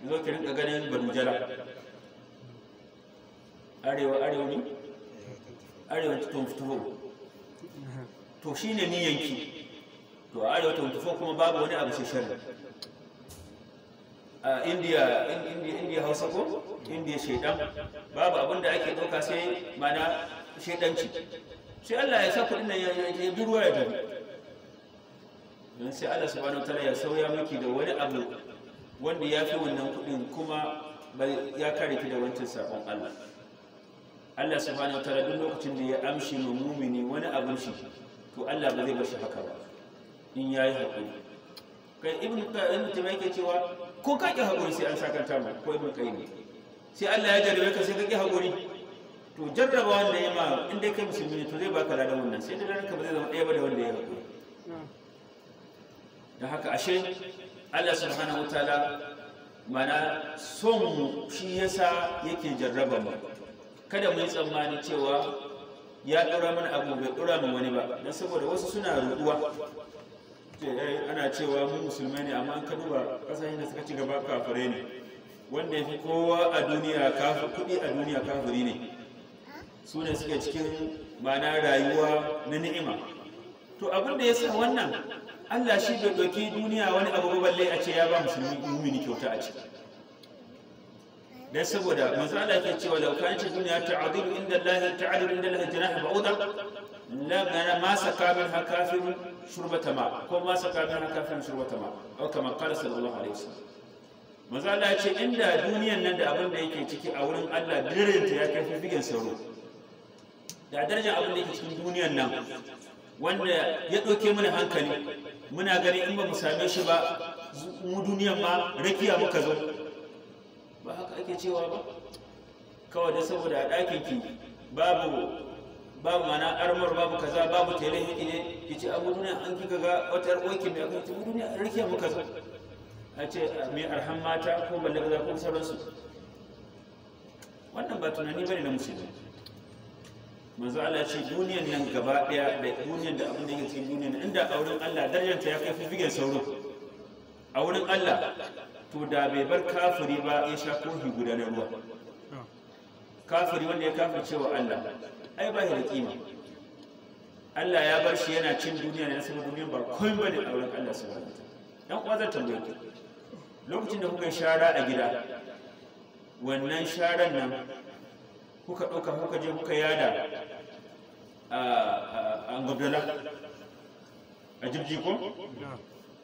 zo ki rinka ganin banujala arewa arewa ne arewa ta tumfutuhu to shi ne niyanki to arewa tumfutuhu kuma babu wani abu sai sharri a indiya indiya hausa ko indiya shaidan babu abin da ake ɗauka sai mana shaidanci sai allah ya sa kuɗin nan ya bi ruwa ya gari don sai allah subhanahu wa ta'ala ya sauya miki da wani abu wanda ya fi wannan kuɗin kuma ya kare ki da wancan sabon Allah Allah subhanahu wa ta'ala duk lokacin da ya amshi ma mumini wani abin shi to Allah ba zai bar shi haka ba in yayi hakuri kai ibnu qayyim ta yake cewa ko ka ki hakuri sai an sakanta mu ko ibnu qayyim sai Allah ya jarrabe ka sai ka ki hakuri to jarraba wanda ya ma in dai kai musulmi ne to zai baka ladan wannan sai da ranka ba zai zama ɗaya ba da wanda ya hakuri da haka ashe Allah subhanahu ta'ala mana son mu shi yasa yake jarraba mu kada mu yi tsammani cewa ya dora mana abu bai dora mu wani ba don saboda wasu suna ruduwa eh, ana cewa mu musulmai ne amma an ka duba kasashen da suka ci gaba kafare ne wanda ya fi kowa a duniya kafir kuɗi a duniya kafuri ne su ne suke cikin mana rayuwa na ni'ima to abin da ya sa wannan Allah shi da doki duniya wani abu balle a ce ya ba musulmi mumini kyauta a ciki dan saboda manzo Allah yake cewa law kana ta duniya ta'dilu inda Allah ta'dilu inda Allah janaha ba'uda la gana ma saka min hakafir shurbata ma ko ma saka min hakafir shurbata ma aw kama qala sallallahu alaihi wasallam manzo Allah ya ce inda duniyan nan da abin da yake ciki a wurin Allah darajarta ya kai bigen sauro da darajar abin da yake cikin duniyan nan wanda ya ɗauke mana hankali muna gani in ba mu same shi ba mu duniyan ma rakiya muka zo ba haka ake cewa ba kawai da saboda a ɗakin ki babu babu mana armar babu kaza babu tele hiki ne ki ce abu duniya an kika ga wata ɗauki mai kai ki duniya rakiya muka zo a ce mai arhan mata ko balle ba za ko sauransu wannan ba tunani bane na musulmi manzo Allah ce duniyar nan gaba daya da duniyar da abin da yake cikin duniyar inda a wurin Allah darajanta ya kai fifigen sauro a wurin Allah to da bai bar kafiri ba ya sha kofi guda na ruwa kafiri wanda ya kafa cewa Allah ai ba shi da kima Allah ya bar shi yana cin duniya ne saboda duniyan ba komai bane a wurin Allah subhanahu wa dan kwazar tambaye lokacin da kuka shara a gida wannan sharan nan kuka ɗauka kuka je kuka yada a gwabdala a jibji ko?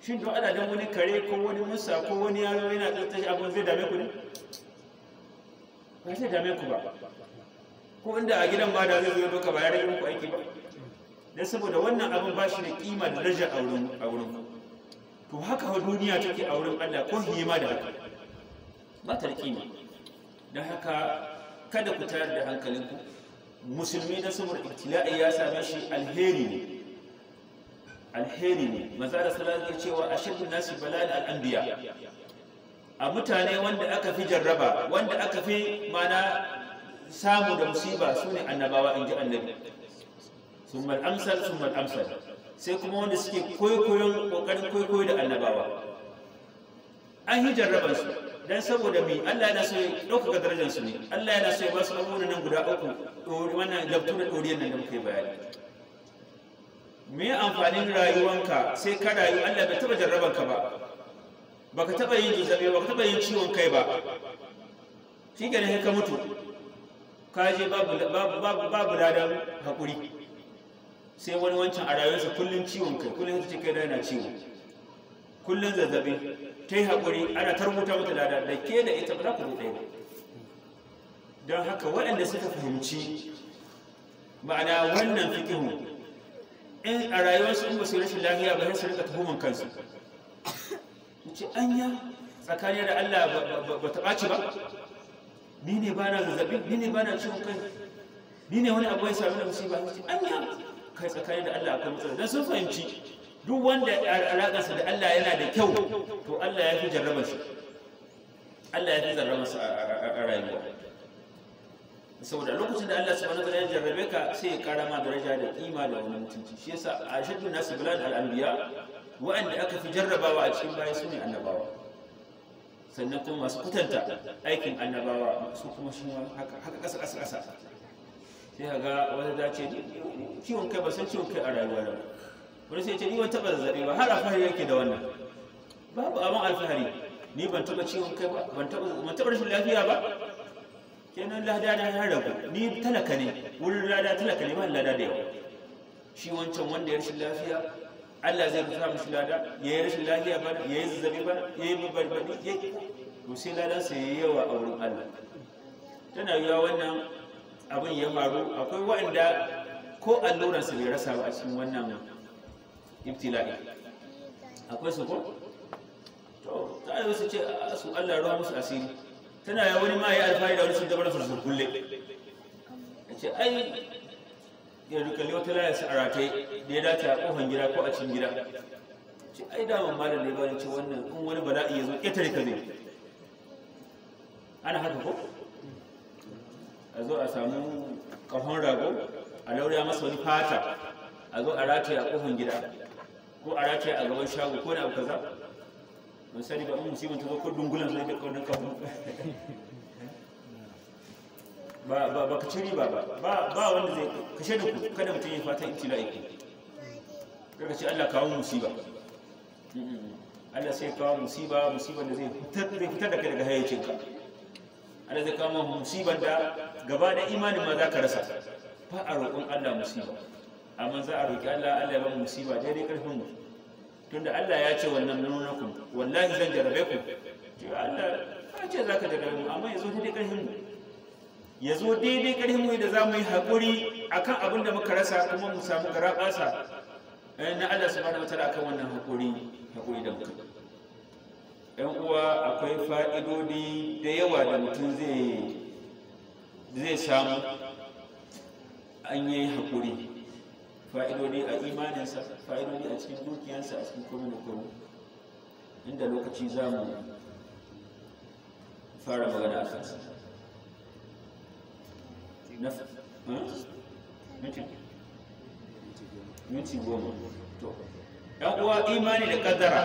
shin don adadin wani kare ko wani musa ko wani yaro yana shi abin zai dame ku ne? ba zai dame ku ba ko inda a gidan ba da zai zo doka ba ya rage muku aiki ba don saboda wannan abin ba shi da kima da daraja a wurin to haka duniya take a wurin allah ko hima da haka ba ta da kima don haka kada ku tayar da hankalinku musulmi da saboda ibtila'i ya same shi alheri ne alheri ne maza da salatu ya cewa ashaddu nasu bala'in al-anbiya a mutane wanda aka fi jarraba wanda aka fi mana samu da musiba su ne annabawa in ji annabi sun mal'amsar sun mal'amsar sai kuma wanda suke kwaikwayon ƙoƙarin kwaikwayo da annabawa an yi jarrabansu dan saboda mi Allah yana so ya ga darajar su ne Allah yana so ya ba su abubuwan nan guda uku wannan labtu na ɗoriyar nan da muke bayani me amfanin rayuwanka sai ka rayu Allah bai taɓa jarrabanka ba baka taɓa yin ba, baka taɓa yin ciwon kai ba shi ga ne ka mutu ka je babu ladan hakuri sai wani wancan a rayuwarsa kullum ciwon kai kullum ta ce kai da yana ciwo kullum zazzabi ta yi haƙuri ana tarmuta mata lada da ke da ita ba ku ɗaya don haka waɗanda suka fahimci ma'ana wannan fikihun in a rayuwarsu in ba su rashin lafiya ba su rika tuhumin kansu ce anya tsakanin da Allah ba ta ɓaci ba ni ne ba na zazzabi ni ne ba na ciwon kai ni ne wani abu ya sami da ba? ce anya kai tsakanin da Allah akwai matsala don sun fahimci duk wanda alaƙarsa da Allah yana da kyau to Allah ya fi jarraba shi Allah ya fi jarraba su a rayuwa saboda lokacin da Allah su wani ya jarrabe ka sai ya ƙara ma daraja da kima da wani mutunci shi yasa a shirin nasu bilan al'ambiya anbiya wa'anda aka fi jarrabawa a cikin bayan su ne annabawa sannan kuma masu kutanta aikin annabawa su kuma shi haka ƙasa ƙasa ƙasa sai ga wani dace kiwon kai ba san ciwon kai a rayuwa da ba wani sai ce ni ban taɓa zazzaɓi ba har alfahari yake da wannan babu abin alfahari ni ban taɓa ciwon kai ba ban taɓa rashin lafiya ba kenan lada na ya rabu ni talaka ne wurin lada talaka ne ba lada da yawa shi wancan wanda ya rashin lafiya Allah zai rufa mishi lada ya yi rashin lafiya ba ya yi zazzabi ba ya yi babbaɗi ya yi to sai lada sai ya yi yawa a wurin Allah tana yiwa wannan abin ya faru akwai waɗanda ko alluransu bai rasa ba a cikin wannan ibtila'i akwai su ko to ta yi wasu ce su allah ruwa musu asiri tana ya wani ma ya alfahari da wani sun dabar su kulle a ce ai ya dukkan wata laya su aratai da ya dace a kofan gida ko a cin gida ce ai daman malam da ya bani ce wannan in wani bala'i ya zo ƙetare ka ne ana haka ko a zo a samu ƙahon rago a lauriya masa wani fata a zo a rataya a kofan gida ko a rataye a gaban shago ko da abu kaza ban sani ba mun musibin ta ko dungulan zai da kaunin kabu ba ba ba ka ni ba ba ba wanda zai kashe da ku kada mutum ya fata ibtila'i ku kada ce Allah kawo musiba Allah sai kawo musiba musiba da zai fitar da kai daga hayyacinka Allah zai kawo musiba da gaba da imanin ma za ka rasa ba a roƙon Allah musiba amma za a roƙi Allah Allah ya ba mu musiba daidai karfin mu tunda Allah ya ce wannan ku, wallahi zan jarabe ku to Allah ba ce zaka jarabe mu amma yazo daidai karfin mu yazo daidai karfin mu da zamu yi hakuri akan abin da muka rasa kuma mu samu garabasa eh, na Allah subhanahu wataala akan wannan hakuri hakuri da muka ɗan uwa akwai fa'idodi da yawa da mutum zai zai samu an yi hakuri fa'idodi a imaninsa fa'idodi a cikin dukiyansa a cikin komi da komi inda lokaci za mu fara magana a kansa hmm? minti goma to ɗan uwa imani da ƙaddara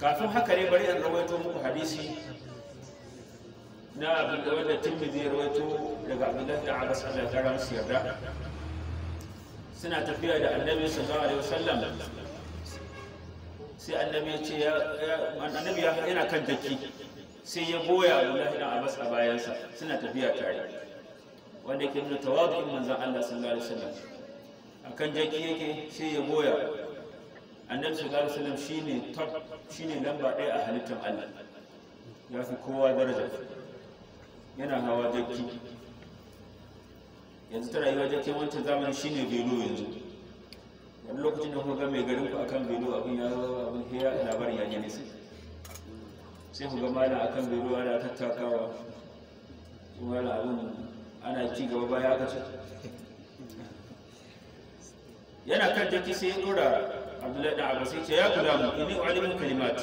kafin haka ne bari an rawaito muku hadisi na abin da wanda timbi zai rawaito daga abin da ta abasa da. ya yarda suna tafiya da annabi sallallahu alaihi wasallam sai annabi ya ce annabi yana kan jaki sai ya goya Abdullahi dan Abbas a bayansa suna tafiya tare wanda yake nuna tawadu'in manzon Allah sallallahu alaihi wasallam akan jaki yake sai ya goya annabi sallallahu alaihi wasallam shine top shine lamba ɗaya a halittar Allah ya fi kowa daraja yana hawa jaki yanzu ta rayuwa da wancan zamani shine belo yanzu wani lokacin da kuka mai garin ku akan belo abin ya zo abin hira labarin ya je nesa sai ku ga mala akan belo ana tattakawa kuma da abin ana ci gaba baya aka ce yana kan jaki sai ya dora abdullahi da abu sai ce ya gulamu ini alimin kalimat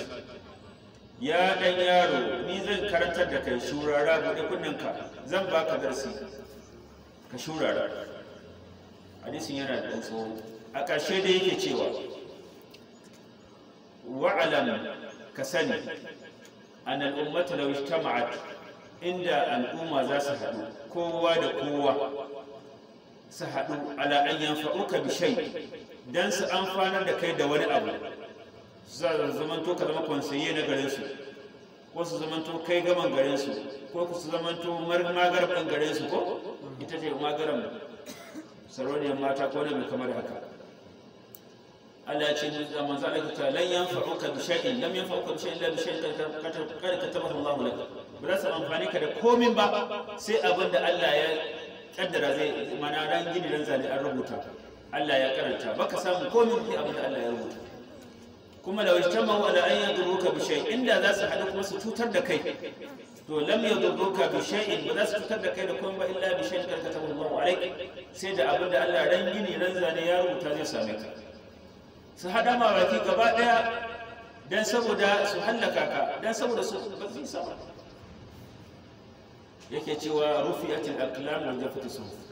ya dan yaro ni zan karantar da kai rabu da kunninka zan baka darsi ka shurara yana da tsawo a ƙarshe da yake cewa wa'alam ka sani an al'ummata ta ijtama'at inda al'umma za su haɗu kowa da kowa su haɗu ala'ayyan an yanfa'uka bi dan su amfanar da kai da wani abu za zaman to ka zama konseye na garinsu su ko su zaman to kai gaman garin su ko su zaman to marmagar garin ko ita ce magaram sarauniyar mata ko mai kamar haka Allah ya ce da manzo Allah ta lan yanfa'uka bi shay'in lam yanfa'uka bi shay'in la bi shay'in kada ka tabbata Allah lak ba za su amfani ka da komin ba sai abin da Allah ya kaddara zai mana ran gini ran zali an rubuta Allah ya karanta baka samu komin ki abin da Allah ya rubuta kuma da wajtama wa la an yadruka bi shay'in inda za su hada kuma su tutar da kai to lam yadurruka bi shay'in ba za su da kai da kuma ba illa bi shay'in karka tabu Allahu alaik sai da abin da Allah ran gini ran zane ya rubuta zai same ka su hada ma baki gaba daya dan saboda su hallaka ka dan saboda su ba zai sama yake cewa rufi'atil aqlam wa jafatu suhuf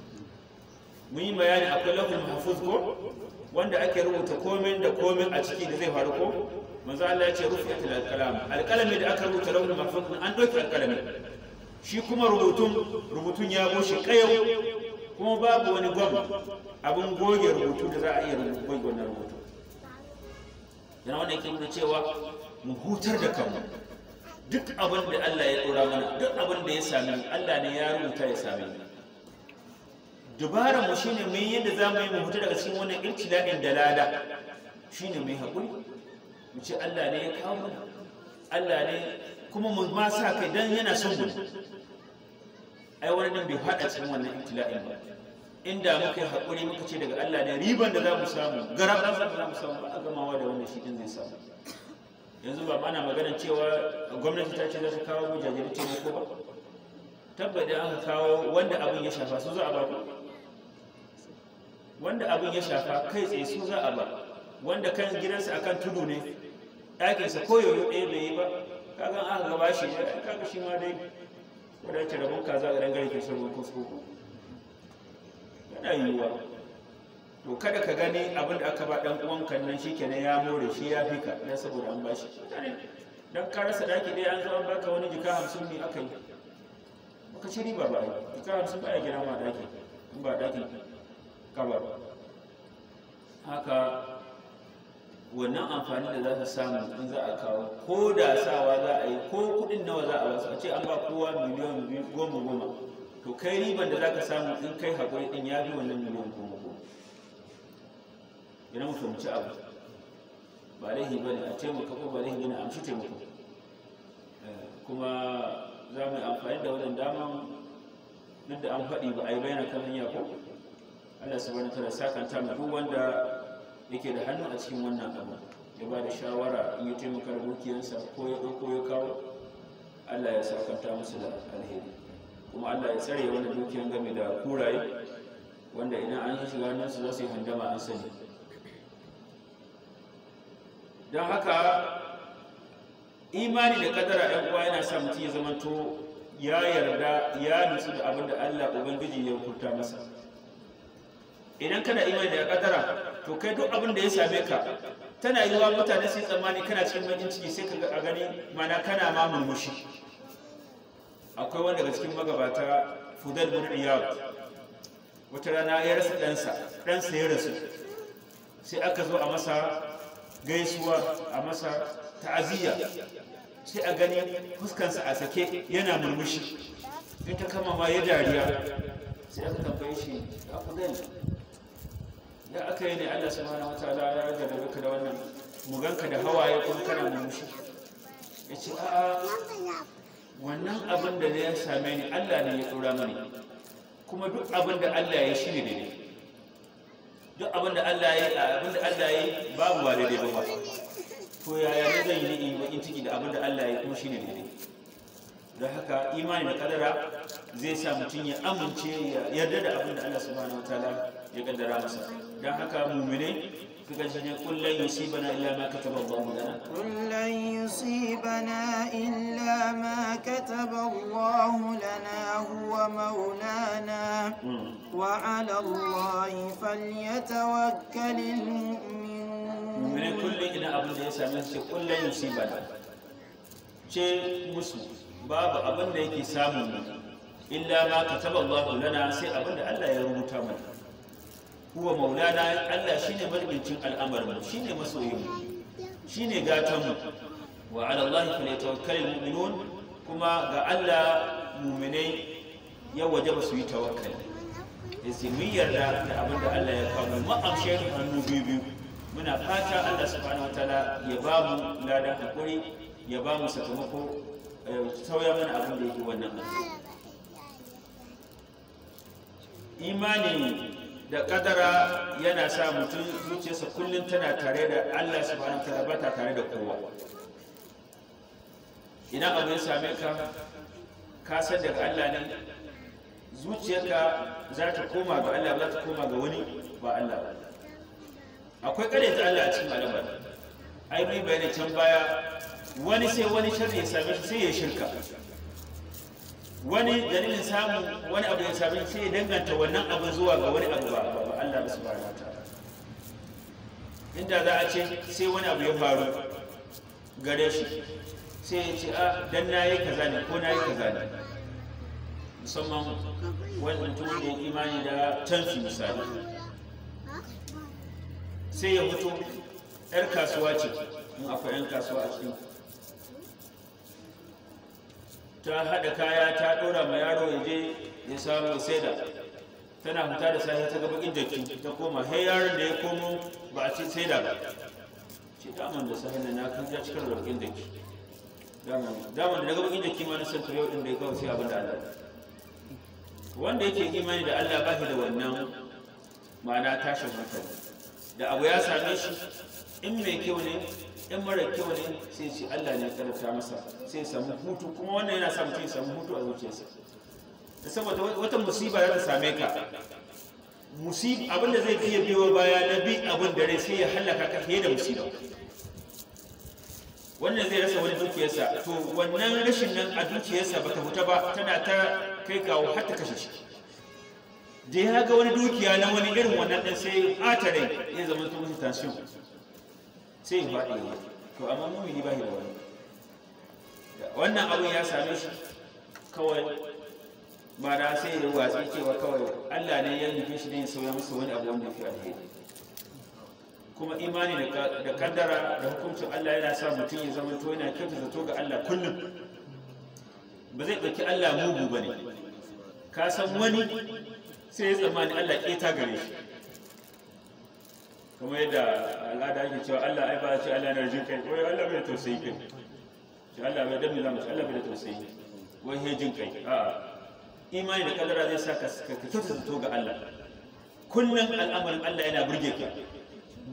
mun yi bayani akwai lahul mahfuz ko wanda ake rubuta komai da komai a ciki da zai faru ko manzo Allah ya ce al-kalam al-kalam da aka rubuta launin mahfuz an ɗauki kalam shi kuma rubutun rubutun ya goshi kayau kuma babu wani gwam abin goge rubutu da za a iya goge wannan rubutu yana wanda yake nuna cewa mu hutar da kanmu duk abin da Allah ya ɗora mana duk abin da ya sami Allah ne ya rubuta ya sami dubara mu shine mun yadda za mu yi mu hutu daga cikin wannan da dalala shine mai haƙuri mu ce Allah ne ya kawo mu Allah ne kuma mu ma sa kai dan yana son mu ai wani dan bai fada cikin wannan ibtila'in ba inda muka yi hakuri muka ce daga Allah ne riban da za mu samu garar da za mu samu ba a gamawa da wannan shi din zai samu yanzu ba ana maganar cewa gwamnati ta ce za su kawo mu jajiri taimako ba tabbata aka kawo wanda abin ya shafa su za a ba wanda abin ya shafa kai tsaye su za a ba wanda kan gidansa akan tudu ne ɗakinsa ko ɗaya bai yi ba kaga an aka gaba shi ya kaga shi ma dai wadda rabon kaza ga dangare ke son ruwan kuskoko yana yiwuwa to kada ka gani abin da aka ba ɗan uwan nan shi ya more shi ya fi ka na saboda an bashi don ka rasa ɗaki ɗaya an zo an baka wani jika hamsin ne aka yi baka ci riba ba jika hamsin ba ya gina ma ɗaki in ba ɗakin ka ba haka wannan amfani da za su samu in za a kawo ko da sawa za a yi ko kudin nawa za a basu a ce an ba kowa miliyan goma goma to kai riban da za ka samu in kai haƙuri ɗin ya fi wannan miliyan goma goma idan mutum ci abu ba laihi ba ne a taimaka ko ba laihi ba ne a amshi taimako eh, kuma za mu yi amfani da wannan dama duk da an faɗi ba a yi bayyana kan hanya ko Allah subhanahu wa ta'ala sakanta mu duk wanda yake da hannu a cikin wannan abu ya ba da shawara in yi taimaka dukiyarsa ko ya ɗauko ya kawo allah ya sakanta musu da alheri kuma allah ya tsare wani dukiyar game da kuraye wanda idan an yi shiga nan su za su yi an sani don haka imani da kadara ɗan uwa yana sa mutum ya zama zamanto ya yarda ya nutsu da abin da allah ubangiji ya hukunta masa idan kana imani da kadara to kai duk abin da ya same ka tana yiwa mutane sai tsammani kana cikin bakin ciki sai ka a gani mana kana ma murmushi akwai wanda daga cikin magabata fudal bin iyad wata rana ya rasa ɗansa ɗansa ya rasu sai aka zo a masa gaisuwa a masa ta'aziyya sai a gani fuskansa a sake yana murmushi in ta kama ma ya dariya sai aka tambaye shi Idan aka yi ne Allah subhanahu wataala ya jarrabe ka da wannan muganka da hawaye kuma kana murmushi ya ce a'a wannan abin da ya same ni Allah ne ya tsora mani kuma duk abin da Allah ya shiri da ni duk abin da Allah ya yi, a abin da Allah ya yi babu ba daidai ba to yaya ne zan yi in bakin ciki da abin da Allah ya kuma shi shine daidai Da haka imani da kadara zai sa mutum ya amince ya yarda da abin da Allah subhanahu wataala ya kaddara masa don haka mu'minai kuka ji ne kullu yusibana illa ma kataba Allah lana kullu yusibana illa ma kataba Allah lana huwa maulana hmm. wa ala Allah falyatawakkalul mu'minun mu'minai kullu idan abin da ya same shi kullu yusibana ce musu babu abin da yake samun mu illa ma kataba Allah lana sai abin da Allah ya rubuta mana kuwa maulana Allah shi ne shine mabincin al'amarin shine Shi shine gatan mu wa ala Allah mu'minun kuma ga Allah mu'minai ya ba su yi tawakkali yace yarda da abin da Allah ya kawo mu hannu biyu muna fata Allah subhanahu wataala ya ba mu ladan hakuri ya ba mu sakamako sauya mana abin da yake wannan imani da kadara yana sa mutum zuciyarsa kullum tana tare da Allah subhanahu wataala ba ta tare da kowa Ina abin same ka ka san daga Allah ne zuciyarka za ta koma ga Allah ba ta koma ga wani ba Allah ba akwai ta Allah a cikin al'amari ai bai bayyana can baya wani sai wani sharri ya same shi sai ya shirka wani dalilin samun wani abu ya sami sai danganta wannan abu zuwa ga wani abu ba ba Allah subhanahu wa ta'ala inda za a ce sai wani abu ya faru gare shi sai ya ce a ah, dan nayi kaza ne ko nayi kaza ne musamman wani mutum da imani da canfi misali sai ya mutu 'yar kasuwa ce in akwai 'yan kasuwa a cikin ta haɗa kaya ta ɗora ma yaro ya je ya samu saida tana fita da safe ta gaba jaki ta koma har yaron da ya komo ba a ci saida ba ce daman da safe na kan ya cikar da bakin jaki daman da daga bakin jaki ma na san ta yau ɗin da ya kawo sai abin da Allah wanda yake imani da Allah ba shi da wannan ma'ana tashin hankali da abu ya same shi in mai kyau ne in mara kyau ne sai ce Allah ne karanta masa sai samu hutu kuma wannan yana sa mutum samu hutu a zuciyarsa saboda wata musiba za ta same ka musib abinda zai iya biyo baya na bi abin da rai sai ya halaka ka fiye da musiba wannan zai rasa wani dukiyarsa to wannan rashin nan a dukiyarsa ba ta huta ba tana ta kai kawo har ta kashe shi da ya ga wani dukiya na wani irin wannan ɗan sai ɓata rai ya zama ta mutu tashin sai in faɗi ya to amma mumini ba shi da wani wannan abun ya same shi kawai ba da sai da watsi cewa kawai Allah ne ya nufi shi ne ya sauya musu wani abu wanda fi alheri kuma imani da kaddara da hukuncin Allah yana sa mutum ya zama to yana kyauta zato ga Allah kullum ba zai ɗauki Allah mugu ba ne ka san wani sai ya tsammani Allah ƙeta gare shi kuma yadda al'ada ake cewa Allah ai ba shi Allah na jin kai ko Allah bai tausayi kai shi Allah bai dan milamu Allah bai tausayi wai he jin kai a imani da kadara zai saka ka kyautata ga Allah kullun al'amarin Allah yana burge ka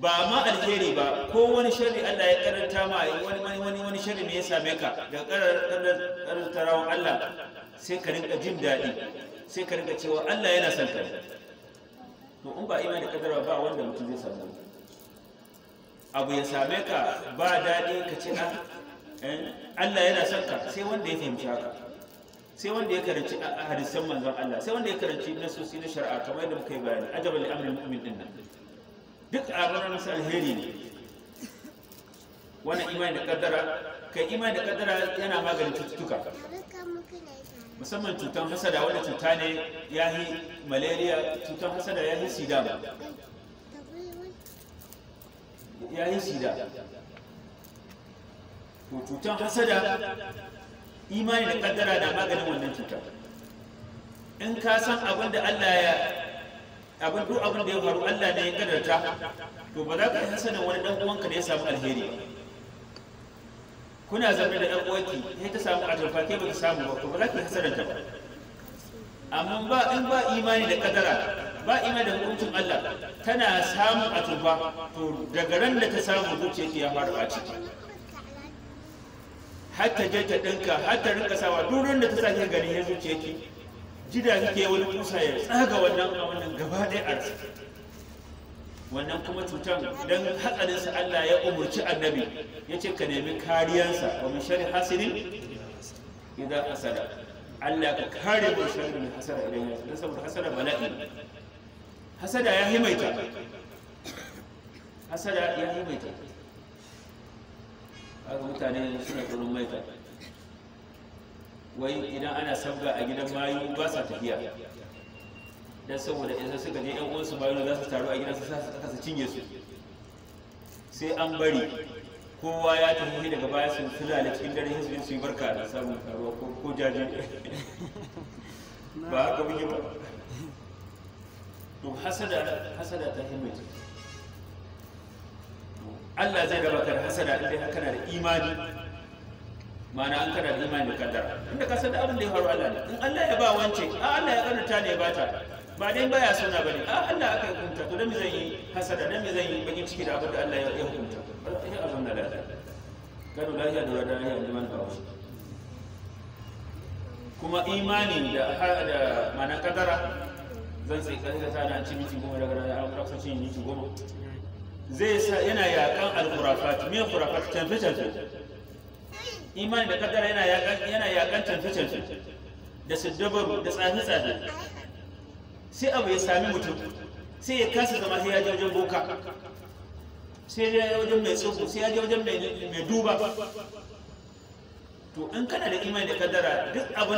ba ma alheri ba ko wani sharri Allah ya karanta ma wani wani wani wani sharri ne ya same ka da karar Allah sai ka rinka jin daɗi sai ka rinka cewa Allah yana son ka to in ba imani da kadara ba wanda mutum zai samu abu ya same ka ba daɗi ka ce ah, eh, Allah yana son ka sai wanda ya fahimci haka sai wanda ya karanci hadisan manzon Allah sai wanda ya karanci nasosi na shari'a kamar yadda muka yi bayani ajabal amrul mu'min din nan duk ranar musu alheri ne wannan imani da kaddara kai imani da kaddara yana maganin cututtuka musamman cutan hasada wani cuta ne ya yi malaria cutan hasada ya yi sida ba ya yi sida to cutan hasada imani da kaddara da maganin wannan cutar in ka san abin da Allah ya abin duk abin da ya faru Allah ne ya kaddarta to ba za ka yi hasadan wani dan uwanka da ya samu alheri ba kuna zaune da ɗan uwanki sai ta samu azurfa ke ba ta samu ba ko ba za ki hasaranta ba amma ba in ba imani da kadara ba imani da hukuncin Allah tana samun azurfa to daga ran da ta samu zuciya ki ya fara baci har ta je ta ɗinka har ta rinka sawa duk ran da ta sa gani ya zuciya ki jida kike wani kusa ya tsaga wannan a wannan gaba ɗaya arziki wannan kuma cutan don hatsarinsa Allah ya umurci annabi ya ce ka nemi kariyarsa wa min shari hasirin idan hasada Allah ka kare mu sharri min hasada idan ya don saboda hasada bala'i hasada ya himaita hasada ya himaita haka mutane suna tsoron maita wai idan ana sabga a gidan mayu ba sa tafiya dan saboda yanzu suka je yan uwansu bayan za su taru a gidansu sa su kasa cinye su sai an bari kowa ya tafi daga baya sun fulale cikin dare hizbin su yi barka da samun karuwa ko jaji ba haka muke ba to hasada hasada ta himmatu Allah zai raba ka da hasada inda har kana da imani mana an kana da imani da kaddara inda ka san abin da ya faru Allah ne in Allah ya ba wance a Allah ya karanta ne ya bata ba dai baya suna ne a ah, Allah aka hukunta to dan zai zan yi hasada dan zai zan yi bakin ciki da abin da Allah ya hukunta Allah ya azan da lafiya kano lafiya da wadda ya liman ba kuma imani da da mana kadara zan sai kan ta na ci miti goma daga da an fara cin miti goma zai sa yana yakan al-khurafat me khurafat tanfe tanfe imani da kadara yana yakan yana yakan tanfe tanfe da dabaru da tsafi tsafi sai abu ya sami mutum sai ya kasa zama sai ya boka sai ya je wajen mai tsoko sai ya je mai duba to in kana da imani da kadara. duk abin